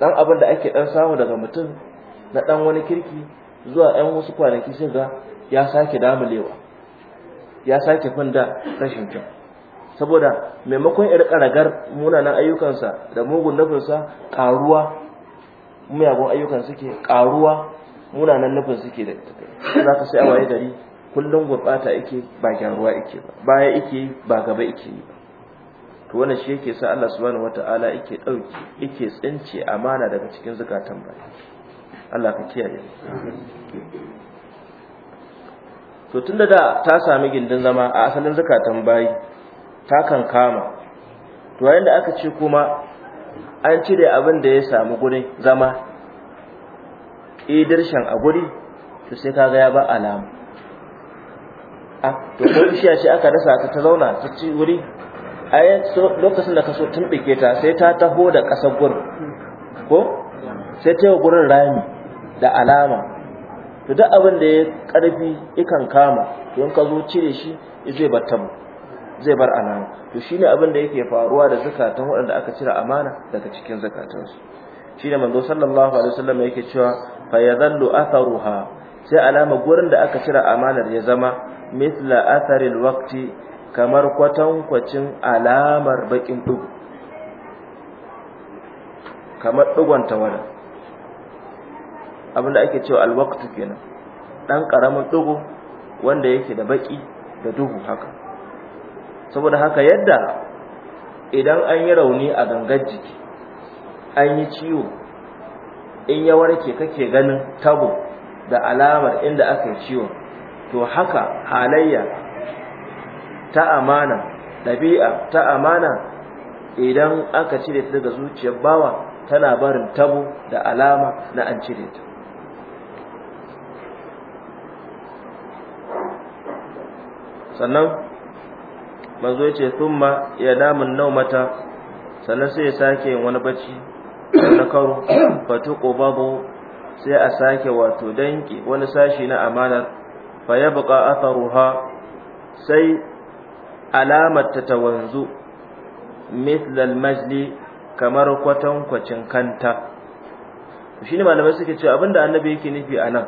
dan abin da ake dan samu daga mutum na dan wani kirki zuwa ɗan wasu kwanaki sai ga ya sake damulewa ya sake fanda rashin kyau saboda maimakon ya karagar munanan ayyukansa da mugun nufinsa karuwa miyagun ayyukan suke karuwa munanan nufin suke da za ka sai a waye gari kullum gurɓata yake ba gyaruwa yake ba baya yake ba gaba yake yi ba to wannan shi yake sa Allah subhanahu wataala yake dauki yake tsince amana daga cikin zakatan ba Allah ka kiyaye to tunda da ta sami gindin zama a asalin zakatan bayi ta kan kama to yayin da aka ce kuma an cire abin da ya samu guri zama idirshan a guri to sai kaga ya ba alama a to ko bishiya ce aka rasa ta ta zauna ta ci wuri ai lokacin da ka so tumbike ta sai ta taho da kasar gurin ko sai ta yi gurin rami da alama to duk abin da ya karfi ikan kama to in ka zo cire shi zai batta mu zai bar amana to shine abin da yake faruwa da zakatan waɗanda aka cire amana daga cikin su shine manzo sallallahu alaihi wasallam yake cewa fa yadhallu atharuha sai alama gurin da aka cire amanar ya zama misla atharil waqti kamar kwatankwacin alamar bakin dugu kamar dugon tawada abinda ake cewa alwaqtu kenan dan karamin dugu wanda yake da baki da duhu haka saboda haka yadda idan an yi rauni a gangar jiki an yi ciwo in ya warke kake ganin tabo da alamar inda aka yi ciwon to haka halayya ta amana ɗabi'a ta amana idan aka cire ta daga zuciyar bawa tana barin tabo da alama na an cire ta sannan manzo yace thumma ya damun naumata sannan sai ya sake wani bacci na karo fatuqu babu sai a sake wato danki wani sashi na amanar fa yabqa atharuha sai alamar ta tawanzu mithlal majli kamar kwatan kwacin kanta shine malamai suke cewa abinda annabi yake nufi anan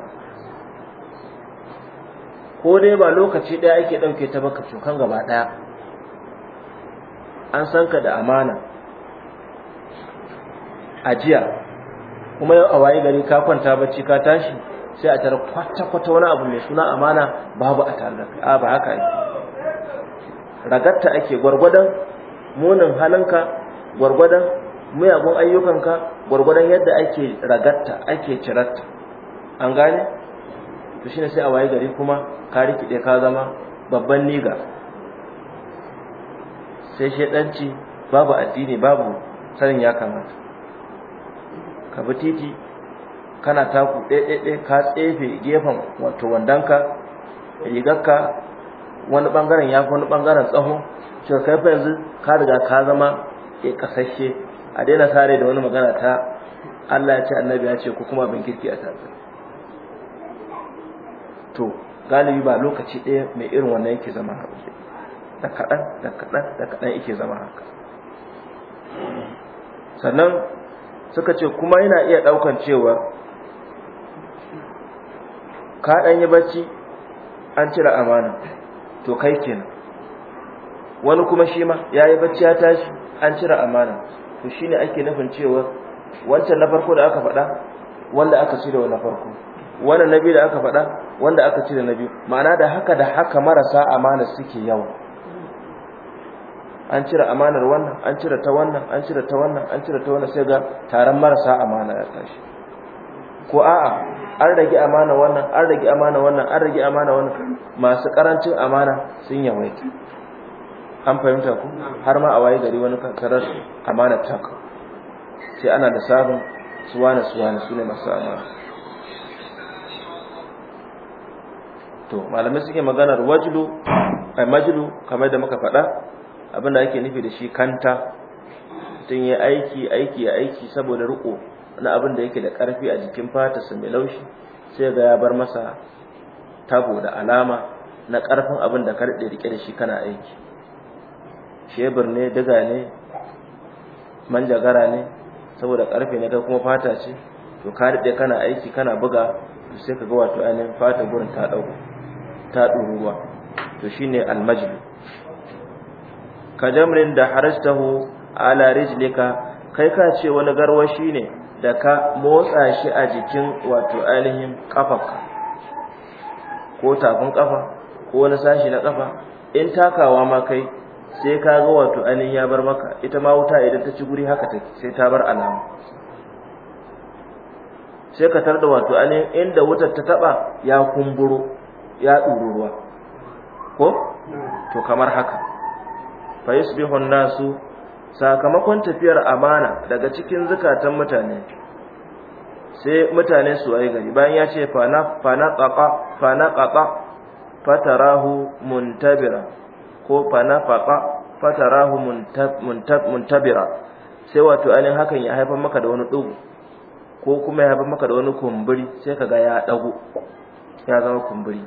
ko dai ba lokaci daya ake ɗauke ta baka cukan gaba ɗaya. an san ka da amana ajiya kuma yau a waye gari ka kwanta bacci ka tashi sai a tare kwata-kwata wani abu mai suna amana babu a tare da a ba haka ake ragatta ake gwargwadon munin halinka gwargwadon muyagun ayyukanka gwargwadon yadda ake ragatta ake ciratta an gane to shine sai a waye gari kuma ka rikide ka zama babban niga sai shedanci babu addini babu sanin ya kamata ka bi titi kana taku ɗaiɗaiɗai ka tsefe gefen wato wandonka rigarka wani bangaren ya wani bangaren tsaho cewa kai fa yanzu ka riga ka zama ya e kasashe a daina sare da wani magana ta Allah ya ce annabi ya ce ko kuma bin kirki a tsatsar to galibi ba lokaci ɗaya mai irin wannan yake zama haɗu da kaɗan da kaɗan da kaɗan yake zama haka sannan suka ce kuma yana iya ɗaukan cewa ka ɗan yi bacci an cire amana to kai kenan wani kuma shi ma ya yi bacci ya tashi an cire amana to shi ne ake nufin cewa wancan na farko da aka faɗa wanda aka cire wa na farko wanda na biyu da aka faɗa wanda aka cire na biyu ma'ana da haka da haka marasa amana suke yawa an cire amanar wannan an cire ta wannan an cire ta wannan an cire ta wannan sai ga taron marasa amana ya tashi ko a'a an rage amana wannan an rage amana wannan an rage amana wannan masu karancin amana sun yawaita an fahimta ku har ma a waye gari wani kankarar amana taka sai ana da sabon suwana suwana su ne masu amana to malamai suke maganar wajilu ai majilu kamar da muka faɗa abin da ake nufi da shi kanta tun yi aiki aiki ya aiki saboda riko na abin yake da karfi a jikin fata su mai laushi sai ga ya bar masa tabo da alama na karfin abinda da ka rike da shi kana aiki shebur ne diga ne manjagara ne saboda karfe ne kai kuma fata ce to ka rike kana aiki kana buga to sai ka ga wato ainihin fata gurin ta dauko ta ɗoruwa to shine almajlis ka jamrin da harastahu ala rijlika kai ka ce wani garwashi ne da ka motsa shi a jikin wato ainihin kafanka ko tafin kafa ko wani sashi na kafa in takawa ma kai sai ka ga wato ainihin ya bar maka ita ma wuta idan ta ci guri haka take sai ta bar alama sai ka tarda wato ainihin inda wutar ta taba ya kumburo ya ɗuru ruwa ko hmm. to kamar haka fa yusbihu nasu sakamakon tafiyar amana daga cikin zukatan mutane sai mutane su ayi gari bayan ya ce fana fatarahu muntabira ko fana faqa fatarahu muntab muntabira sai wato ainihin hakan ya haifar maka da wani dugu ko kuma ya haifar maka da wani kumburi sai kaga ya dago ya zama kumburi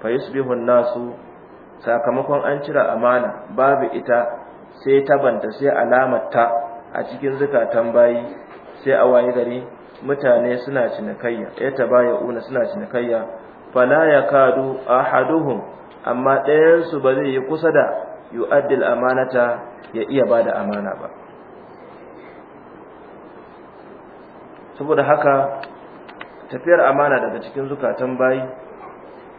fa yusbihu nasu sakamakon an cire amana babu ita sai ta banta sai ta a cikin zukatan bayi sai a waye gari mutane suna cinikayya ya una suna cinikayya fala kadu ahaduhum amma ɗayan ba zai yi kusa da yu'addil amanata ya iya bada amana ba saboda haka tafiyar amana daga cikin zukatan bayi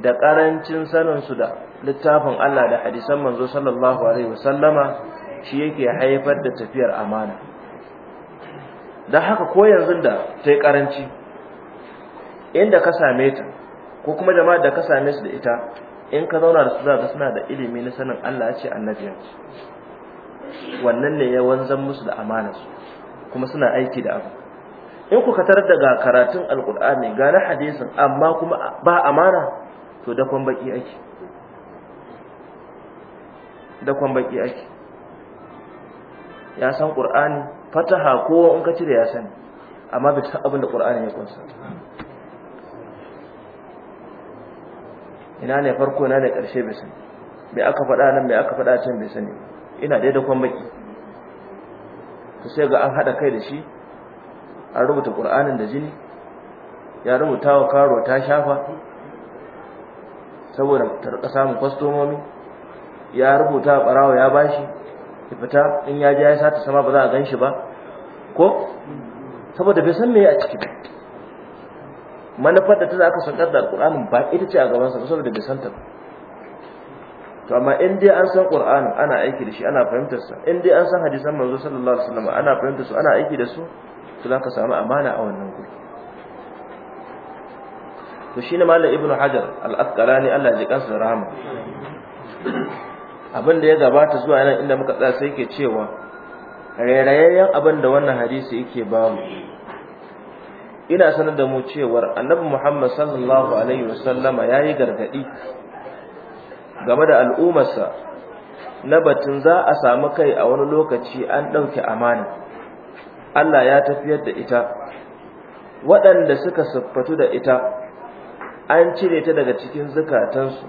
da ƙarancin saninsu da littafin Allah da hadisan manzo sallallahu alaihi wasallama shi yake haifar da tafiyar amana dan haka ko yanzu da tai karanci inda ka same ta ko kuma jama'a da ka same su da ita in ka zauna da su za suna da ilimi na sanin Allah ya ce annabiyya. wannan ne ya wanzan musu da amana su kuma suna aiki da abu in ku katar da ga karatun alqur'ani ga na hadisin amma kuma ba amana to dafan baki ake da baki ake ya san qur'ani fataha kowa in ka cire ya sani amma bai san abin da qur'ani ya kunsa ina ne farko ina ne karshe bai sani bai aka faɗa nan bai aka faɗa can bai sani ina dai da baki to sai ga an hada kai da shi an rubuta qur'anin da jini ya rubuta wa karo ta shafa saboda ta samun kwastomomi ya rubuta barawa ya bashi ya fita in ya ja ya sata sama ba za a ganshi ba ko saboda bai san me a ciki ba manufar da ta za ka sanar da alƙur'anin ba ita ce a gabansa sa saboda bai san ta ba to amma in dai an san qur'anin ana aiki da shi ana fahimtar sa in dai an san hadisan manzo sallallahu alaihi wasallam ana fahimtar su ana aiki da su to zaka samu amana a wannan guri to shine malam ibnu hajar al-asqalani Allah ya ji kansa rahama abin da ya gabata zuwa nan inda muka tsaya sai ke cewa rairayayyen abin da wannan hadisi yake mu. ina sanar da mu cewar annabi Muhammad sallallahu alaihi wasallama yayi gargadi game da al'ummarsa na batun za a samu kai a wani lokaci an ɗauke amana Allah ya tafiyar da ita waɗanda suka siffatu da ita an cire ta daga cikin zukatansu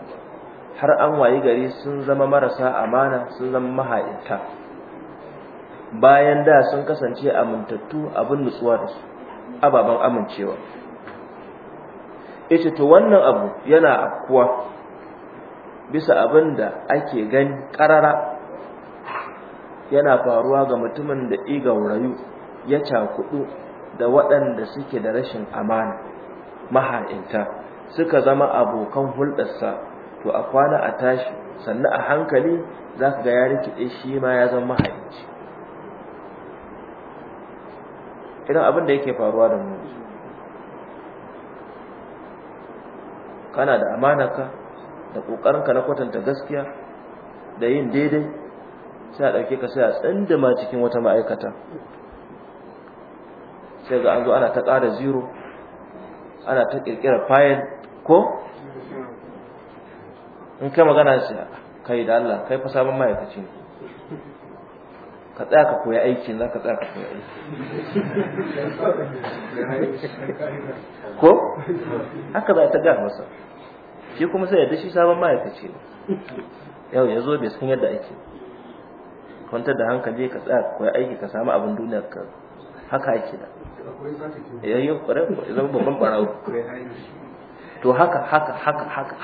har an wayi gari sun zama marasa amana sun zama maha'ita bayan da sun kasance amintattu abin nutsuwa da su ababen amincewa yace to wannan abu yana afkuwa bisa abin da ake gani karara yana faruwa ga mutumin da iga wurayu ya cakudu da waɗanda suke da rashin amana maha'inta suka zama abokan hulɗarsa to a kwana a tashi sannan a hankali za ka ga ya kiɗe shi ma ya zama mahaici idan abin da yake faruwa da mu kana da amanaka da ƙoƙarinka na kwatanta gaskiya da yin daidai sai a ɗauke ka sai a ma cikin wata ma'aikata sai ga an zo ana ta ƙara zero ana ta ƙirƙirar fayil ko in kai magana sai kai da Allah kai fa sabon mai ne ka tsaya ka koyi aiki za ka tsaya ka koyi aiki ko haka za ta gaya masa shi kuma sai yadda shi sabon mai ne yau ya zo bai san yadda ake kwantar da hankali ka tsaya ka koyi aiki ka samu abin duniya ka haka ake da yayin kwarai zama babban barawo to haka haka haka haka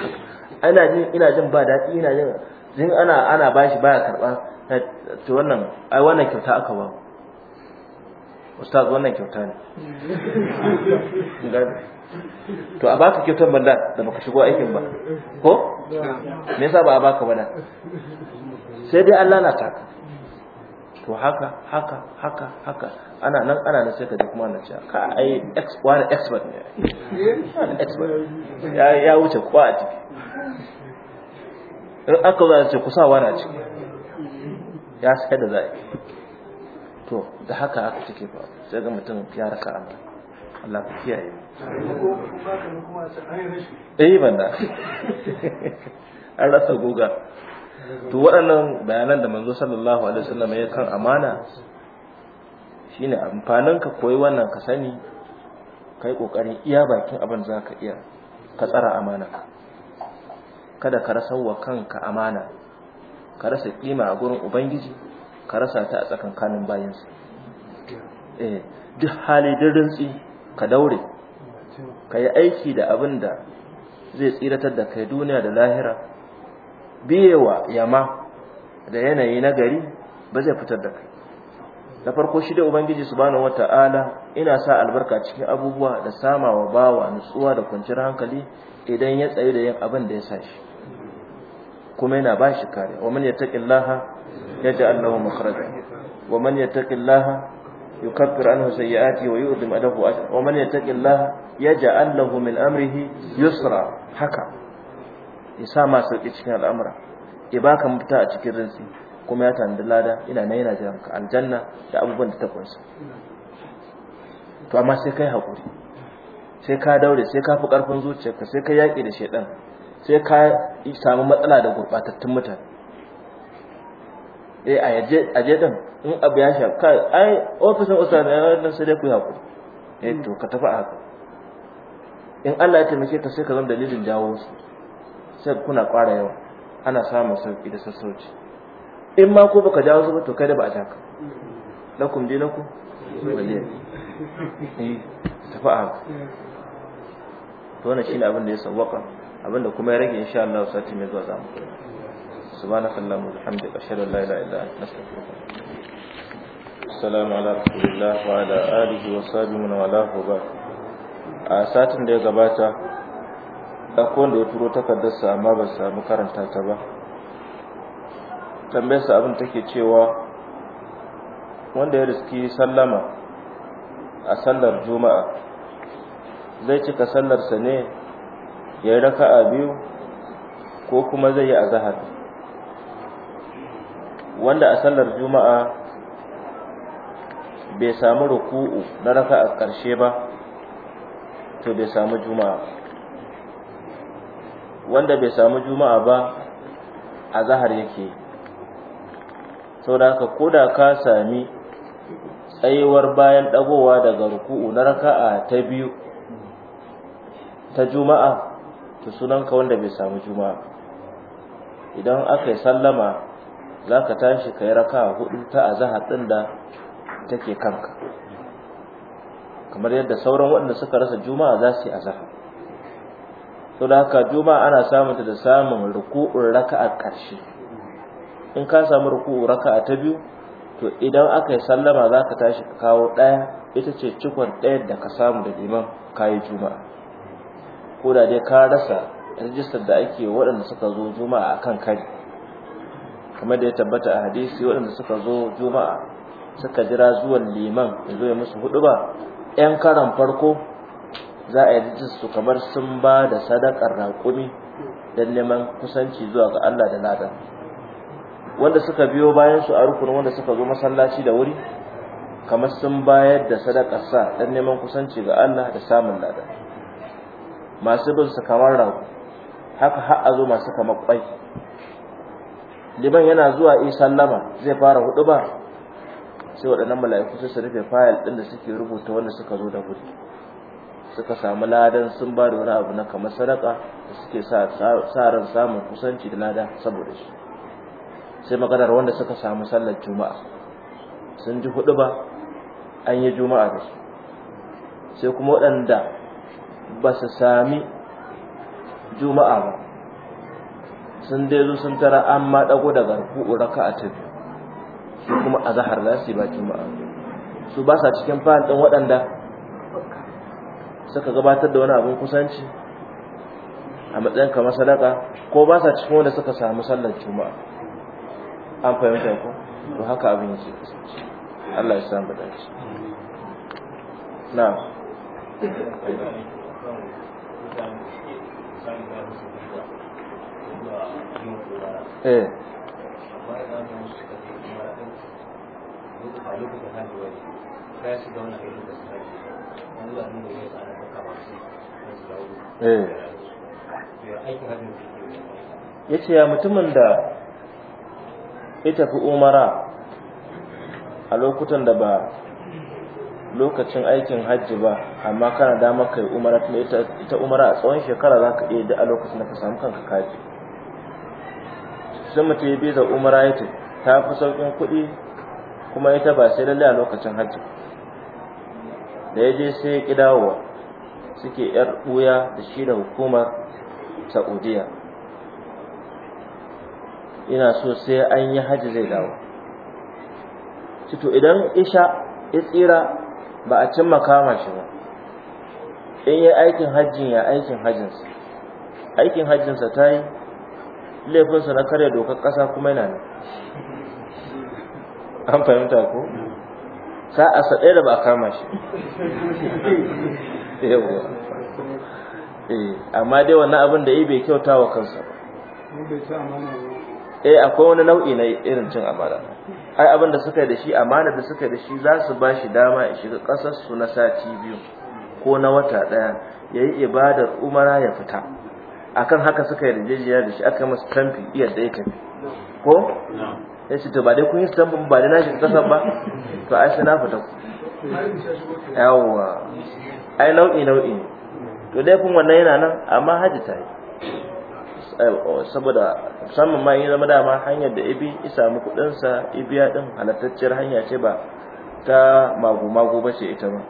ana jin ina jin ba daɗi ina jin jin ana ana bashi baya karɓa eh, to wannan ai wannan kyauta aka ba ustaz wannan kyauta ne to a baka kyautar banda da baka shigo aikin ba ko me yasa ba a baka ba sai dai Allah na taka to haka haka haka haka ana nan ana nan sai ka ji kuma na ce ka ai wani expert ne ya ya wuce kowa a ciki in aka zo ce kusawa wani a ciki ya sai da zai to da haka haka take fa sai ga mutum ya rasa Allah Allah ka kiyaye mu eh banda an rasa goga to waɗannan bayanan da manzo sallallahu alaihi wasallam ya kan amana shine amfanin ka koyi wannan ka sani kai kokarin iya bakin abin zaka iya ka tsara amana kada ka rasa wa kanka amana ka rasa kima a gurin ubangiji ka rasa ta a tsakankanin bayansa eh duk hali da rintsi ka daure ka yi aiki da abin da zai tsiratar da kai duniya da lahira biyewa yama da yanayi na gari ba zai fitar da kai na farko shi da ubangiji subhanahu wata'ala ina sa albarka cikin abubuwa da sama wa bawa nutsuwa da kwanciyar hankali idan ya tsayu da yin abin da ya sa shi kuma yana ba shi kare wa man yattaqillaha yaj'al lahu makhraja wa man yattaqillaha yukaffir anhu sayyi'ati wa yu'dhim adahu wa man yattaqillaha yaj'al lahu min amrihi yusra haka ya sa ma sauki cikin al'amura ya baka mafita a cikin rinsu kuma ya tanadi lada ina na yana jiran ka aljanna da abubuwan da ta kunsa to amma sai kai hakuri sai ka daure sai ka fi karfin zuciyarka sai ka yaƙi da shedan sai ka samu matsala da gurbatattun mutane eh a yaje aje din in abu ya shafi kai ai ofisin usman ya wannan sai dai ku hakuri eh to ka tafi a haka in Allah ya taimake ka sai ka zama dalilin jawo su sai kuna ƙara yawa ana samun sauƙi da sassauci in ma ko baka dawo zuwa ba to kai da ba a jaka lakum dinakum waliya eh tafi a haka to wannan shine abin da ya sawwaka abin da kuma ya rage insha Allah sati mai zuwa zamu subhanakallahumma wa bihamdika ashhadu an la ilaha illa anta astaghfiruka wa atubu ilaik assalamu ala rasulillah wa ala alihi wa sahbihi a satin da ya gabata Dakon da ya turo takardarsa amma ba samu karanta ta ba tambayarsa abin take cewa wanda ya riski sallama a sallar juma'a zai cika sallarsa ne ya yi raka'a biyu ko kuma zai yi azahar wanda a sallar juma'a bai samu ruku'u na raka'a ƙarshe ba to bai samu juma'a wanda bai samu juma'a ba a zahar yake saboda ko da ka sami tsayuwar bayan dagowa daga ruku'u na raka'a ta biyu ta juma'a to sunanka wanda bai samu juma'a idan aka yi sallama za ka tashi ka yi raka'a hudu ta azahar ɗin da take kanka kamar yadda sauran waɗanda suka rasa juma'a za su yi azahar to da haka juma'a ana samun ta da samun ruku'un raka'a ƙarshe in ka samu ruku'u raka'a ta biyu to idan aka yi sallama za ka tashi kawo ɗaya ita ce cikon ɗayan da ka samu da liman kayi juma'a ko da dai ka rasa rijistar da ake waɗanda suka zo juma'a a kan kari kamar da ya tabbata a hadisi waɗanda suka zo juma'a suka jira zuwan liman ya zo ya musu hudu ba 'yan karan farko za a yi su kamar sun ba da sadakar raƙumi don neman kusanci zuwa ga Allah da ladan wanda suka biyo bayan su a rukunin wanda suka zo masallaci da wuri kamar sun bayar da sadakar sa don neman kusanci ga Allah da samun ladan masu bin su kamar raƙu haka har a zo masu kamar ƙwai. liman yana zuwa yi sallama zai fara hudu ba sai waɗannan mala'iku su rufe fayil ɗin da suke rubuta wanda suka zo da wuri suka samu ladan sun ba da wani abu na kamar sadaka da suke sa ran samun kusanci da lada saboda shi sai maganar wanda suka samu sallar juma'a sun ji hudu ba an yi juma'a da su sai kuma waɗanda ba su sami juma'a ba sun dai zo sun tara an ma ɗago daga garku uraka a tafi su kuma a zahar za su yi ba juma'a su ba sa cikin fahimtar waɗanda suka gabatar da wani abin kusanci a matsayin kamar sadaka ko ba sa cikin wanda suka samu sallar juma'a an fahimta ko to haka abin yake Allah ya bada eh. shi na eh a lokacin ya shiga wani hajji da su wani ya tsara Eh. ya ce ya mutumin da ya tafi umara a lokutan da ba lokacin aikin hajji ba amma kana damar kai umara tun ita umara a tsawon shekara za ka iya da a lokacin da ka samu kanka kaji sun mutum ya biza umara ya ce ta fi sauƙin kuɗi kuma ita ba sai lalle a lokacin hajji da ya je sai ya ƙi dawowa suke yar buya da shi da hukumar saudiya ina so sai an yi hajji zai dawo to idan isha ya tsira ba a cimma kama shi ba in yi aikin hajjin ya aikin hajjinsa aikin hajjinsa ta yi laifinsa na karya dokar ƙasa kuma yana nan an fahimta ko a ɗaya da ba a kama shi Eh, amma dai wannan abin da yi bai kyauta wa kansa ba eh akwai wani nau'i na irin cin amana ai abin da suka yi da shi amana da suka yi da shi za su ba shi dama ya shiga ƙasarsu su na sati biyu ko na wata ɗaya ya yi ibadar umara ya fita akan haka suka yi rijiya da shi aka masa tamfi iya da ya tafi ko ya ce to ba dai kun yi tamfin ba dai na shi ƙasar ba to ai sai na fita yawwa ai nau'i nau'i ne to laifin wannan yana nan amma hajji ta yi saboda musamman ma yi zama dama hanyar da ibi isa mu kudinsa ya din halattacciyar hanya ce ba ta mago-mago ba ce ita ba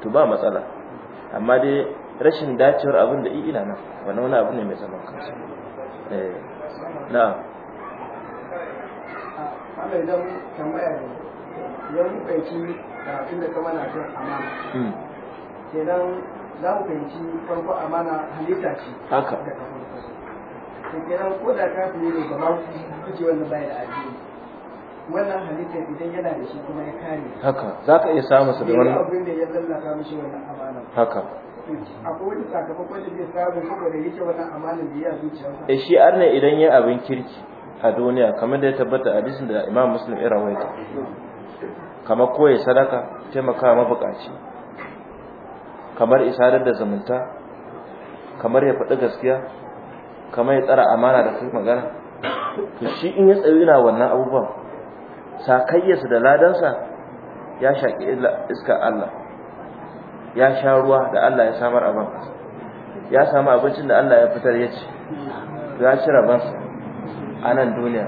to ba matsala amma dai rashin dacewar abin da iya nan wannan wani abu ne mai zaman kansa eh, na'am Allah idan tambaya ne idan mu fahimci karatun ah, da ka na kan amana hmm. kenan za mu fahimci farko amana halitta ce haka da kasu. to kenan ko da ka fi ne ba ma kuce wannan bai da addini wannan halitta idan yana da shi kuma ya kare haka za ka iya samun su da wani abin da ya lallaka mishi wannan amana haka akwai wani sakamakon da zai samu saboda yake wannan amana da ya zuciya eh shi ne idan ya abin kirki a duniya kamar da ya tabbata hadisin da Imam Muslim ya rawaita kamar koya sadaka taimakawa mabukaci kamar isarar da zumunta kamar ya faɗi gaskiya kamar ya tsara amana da kai magana to shi in ya tsayu yana wannan abubuwan sakayyarsa da ladansa ya shaƙi iska Allah ya sha ruwa da Allah ya samar a banka ya samu abincin da Allah ya fitar ya ci ya ci rabansa a nan duniya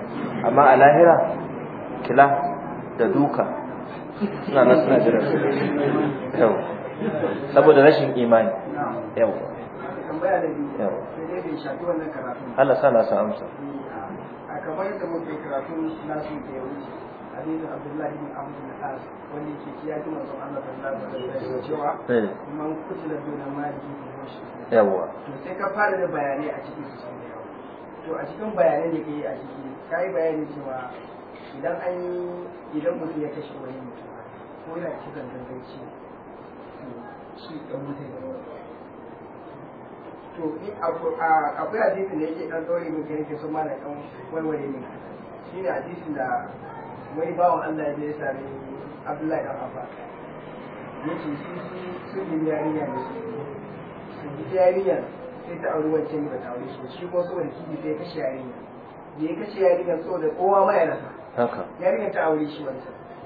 amma a lahira kila da duka suna nan suna jira yau saboda rashin imani yau yau Allah sa na sa amsa a kamar yadda muke karatu nasu da ya wuce hadisin abdullahi bin amr bin as wanda yake kiya ji manzon Allah da alaihi wasallam cewa eh. man kutila duna mali yawa to sai ka fara da bayanai a cikin su sun yawa to a cikin bayanai da yi a ciki ka yi bayani cewa idan an idan mutum ya kashe wani mutum ko yana kiran ganganci shi ɗan mutane to in akwai hadisi ne yake ɗan ɗaure mun gani sun mana ɗan warware ne shi ne hadisin da wani bawan Allah ya je sami Abdullahi ɗan Abba ya ce shi sun yi yarinya ne sun yi yarinya sai ta auri wancan ba ta aure shi ko kuma saboda kibi sai kashe yarinya da ya kashe yarinya saboda kowa ma ya rasa yarinya ta aure shi wancan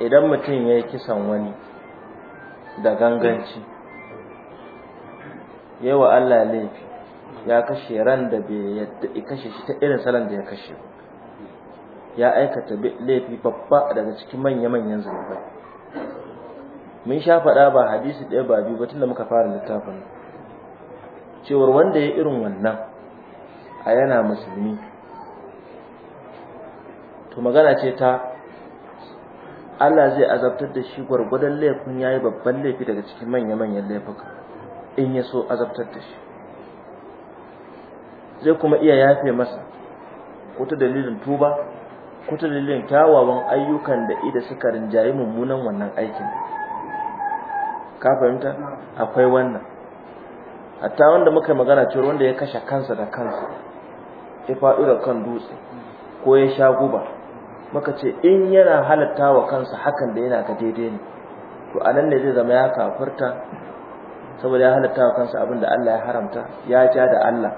idan mutum ya yi kisan wani da ganganci yi wa Allah laifi ya kashe ran da bai yadda kashe shi ta irin salon da ya kashe ya aikata laifi babba daga cikin manya-manyan zurfai mun sha faɗa ba hadisi ɗaya ba biyu ba tunda muka fara littafin cewar wanda ya irin wannan a yana musulmi to magana ce ta Allah zai azabtar da shi gwargwadon laifin yayi babban laifi daga cikin manya-manyan laifuka in ya so azabtar da shi zai kuma iya yafe masa ko ta dalilin tuba ko ta dalilin kyawawan ayyukan da ida suka rinjayi mummunan wannan aikin ka fahimta akwai wannan hatta wanda muka magana cewa wanda ya kashe kansa da kansa ya faɗo da kan dutse ko ya sha guba Maka ce in yana halatta wa kansa hakan da yana ka daidai ne to a ne zai zama ya kafirta saboda ya halatta wa kansa abin da Allah ya haramta ya ja da Allah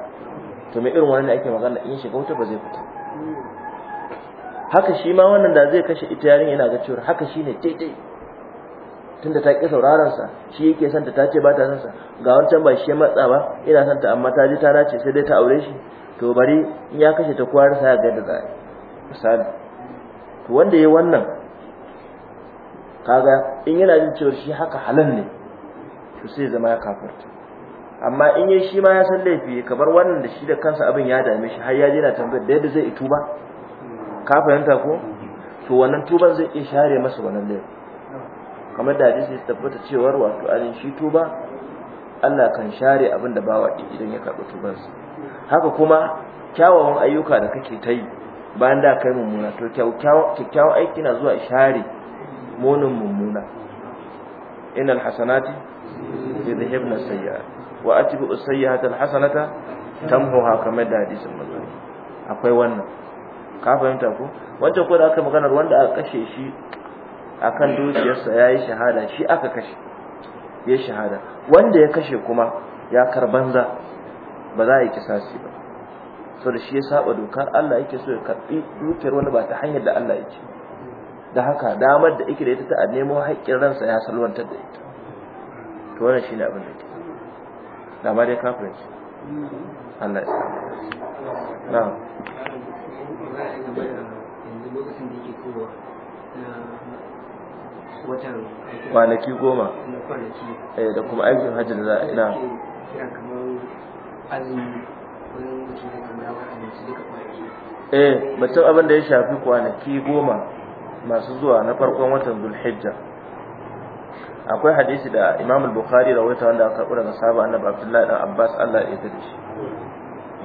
to me irin wannan ake magana in shiga wuta ba zai fita haka shi ma wannan da zai kashe ita yarin yana ga cewa haka shine daidai tunda ta ki sauraron sa shi yake santa ta ce ba ta son sa ga wancan ba shi matsa ba ina son ta amma ta ji ta nace sai dai ta aure shi to bari in ya kashe ta kwarsa ya ga da zai misali to wanda yayi wannan kaga in yana jin cewa shi haka halal ne to sai zama ya kafirta amma in yayi shi ma ya san laifi kamar wannan da shi da kansa abin ya dame shi har ya je na tambayar da yadda zai tuba ka fahimta ko to wannan tuban zai iya share masa wannan laifi kamar da hadisi ya tabbata cewar wato an shi tuba Allah kan share abin da bawa idan ya karɓi tubarsa haka kuma kyawawan ayyuka da kake ta yi bayan da kai mummuna to kyakkyawa aiki na zuwa share munin mummuna innal hasanati na sayyi'at wa a as-sayyi'ata al-hasanata tamhuha kamar da hadisun mazari akwai wannan ka fahimta ko wancan ko da aka maganar wanda aka kashe shi akan dukiyarsa yi shahada shi aka kashe ya shahada wanda ya kashe kuma ya karbanza ba za a yi kisa ba so da shi ya saba dokar Allah yake so ya karbi dukiyar wani ba ta hanyar da Allah yake da haka damar da yake da ita ta nemo haƙƙin ransa ya salwanta da ita to wannan shine abin da yake da ma dai kafin shi Allah ya sa. na'am kwanaki goma da kuma aikin hajji da za a ina azumi eh batun abin da ya shafi kwanaki goma masu zuwa na farkon watan zulhijja akwai hadisi da imam al-bukhari rawaita wanda aka kura daga sahaba annabi abdullahi dan abbas Allah ya yarda shi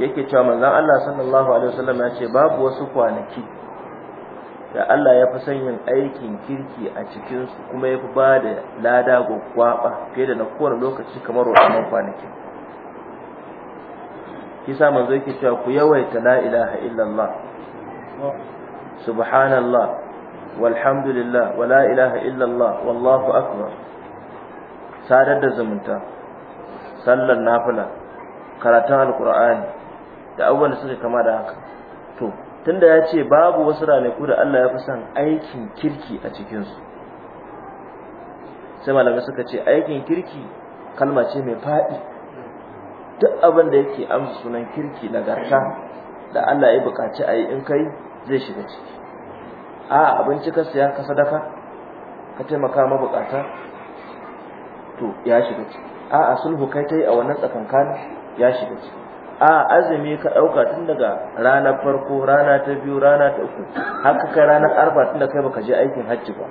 yake cewa manzon Allah sallallahu alaihi wasallam ya ce babu wasu kwanaki da Allah ya fi son yin aikin kirki a cikin su kuma ya fi ba da lada gwaggwaba fiye da na kowane lokaci kamar wannan kwanakin kisa manzo yake cewa ku yawaita la ilaha illallah subhanallah walhamdulillah wa la ilaha illallah wallahu akbar sadar da zumunta sallar nafila karatun alqur'ani da abubuwan da suka kama da haka to tunda ya ce babu wasu ranaku da Allah ya fi son aikin kirki a cikinsu sai malamai suka ce aikin kirki kalma ce mai faɗi duk abin da yake amsa sunan kirki nagarta da Allah ya buƙaci a yi in kai zai shiga ciki a abinci ka siya ka sadaka ka taimaka mabukata to ya shiga ciki a a sulhu kai ta yi a wannan tsakankan ya shiga ciki a azumi ka ɗauka tun daga ranar farko rana ta biyu rana ta uku haka kai ranar arba tun da kai baka je aikin hajji ba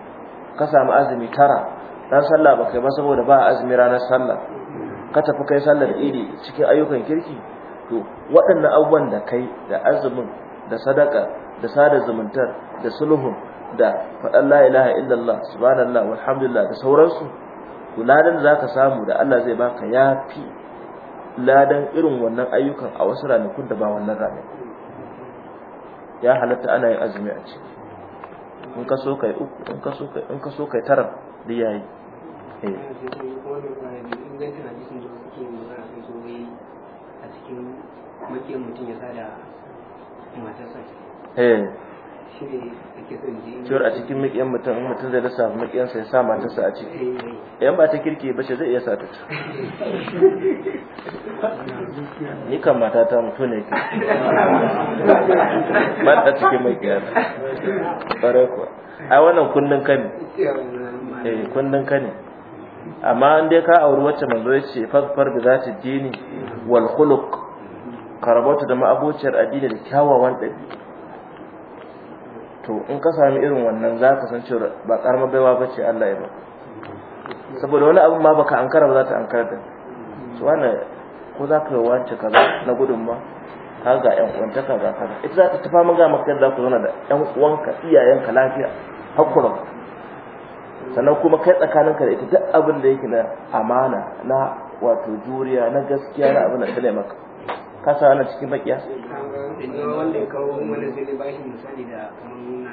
ka samu azumi tara ran sallah baka yi ba saboda ba azumi ranar sallah ka tafi kai sallar idi cikin ayyukan kirki to waɗannan abubuwan da kai da azumin da sadaka da sada zumuntar da sulhu da faɗan la ilaha illallah subhanallah walhamdulillah da sauransu to ladan za ka samu da Allah zai baka yafi ladan irin wannan ayyukan a wasu ranakun da ba wannan ranakun ya halatta ana yin azumi a ciki in ka so kai uku in ka so kai in ka so kai tara da yayi eh. ingancin hadisin da kuke magana sun zo wai a cikin makiyar mutum ya sada matarsa eh. cewar a cikin makiyan mutum in mutum zai rasa makiyansa ya sa matarsa a ciki yan eh, eh. ba ta kirki ba shi zai iya sa ta ci ni kan mata ta mutu ne ke ba ta cikin makiyan ƙwarai kuwa a wannan kundin kani kundin kani amma in dai ka auri wacce manzo ya ce fasfar bi zati dini wal khuluq karabata da ma'abociyar addini da kyawawan dabi to in ka sami irin wannan za ka san cewa ba karma baiwa ba ce Allah ya ba saboda wani abin ma baka ankara ba za ta ankara da su wannan ko za ka wacce kaza na gudun ba ka ga yan ka ga kaza ita za ta tafa maga maka yadda ku zauna da yan uwanka iyayenka lafiya hakuran sannan kuma kai tsakaninka da ita duk abin da yake na amana na wato juriya na gaskiya na abin da ta ne maka ka sa wannan cikin bakiya wanda ya kawo mana zai ba misali da kamar na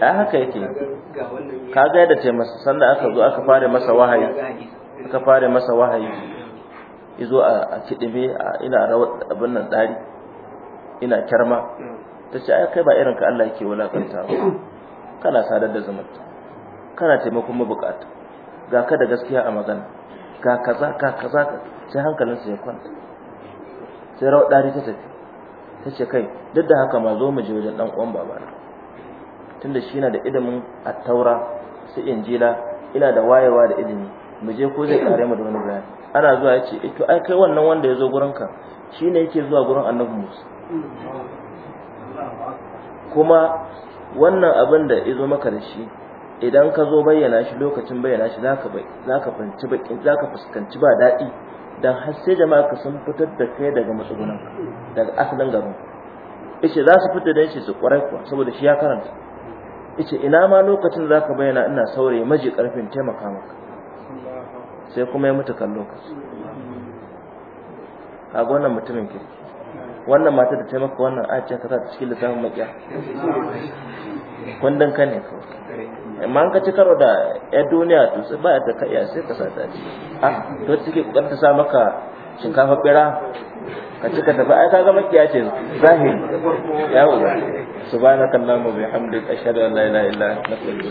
da haka yake ka ga da ta masa aka zo aka fara masa wahayi aka fara masa wahayi izo a kidime ina rawar abin nan tsari ina kyarma mm. ta ce ai kai ba irin ka Allah yake wulakanta ba kana sadar da zumunta kana taimakon mabukata ga ka da gaskiya a magana ga kaza ga kaza ka sai hankalinsa ya kwanta sai rawar ɗari ta tafi ta ce kai duk da haka ma zo mu je wajen ɗan uwan babana tunda shi na da ilimin attaura su injila ina da wayewa da ilimi mu je ko zai kare mu da wani bayani ana zuwa ya ce to ai kai wannan wanda ya zo gurinka shi ne yake zuwa gurin annabi musa kuma wannan abin da zo maka da shi idan ka zo bayyana shi lokacin bayyana shi za ka fanci bakin ka fuskanci ba daɗi, don har sai jama'a ka sun fitar da kai daga matsugunan daga asalin garin yace za su fita da shi su kwarai kuwa saboda shi ya karanta yace ina ma lokacin za ka bayyana ina saurayi maji karfin taimaka maka sai kuma ya mutu kan lokaci kaga wannan mutumin kirki wannan matar da ta maka wannan a ka sa ta cikin lissafin makiya kundin ka ne kawai amma an ka ci karo da ya duniya to sai ba da ta kaya sai ka sa ta ci ah, to take kokarin ta sa maka shinkafa bira ka cika a ai kaga makiya ce zahiri yawo subhanakallahumma bihamdika ashhadu an la ilaha illa anta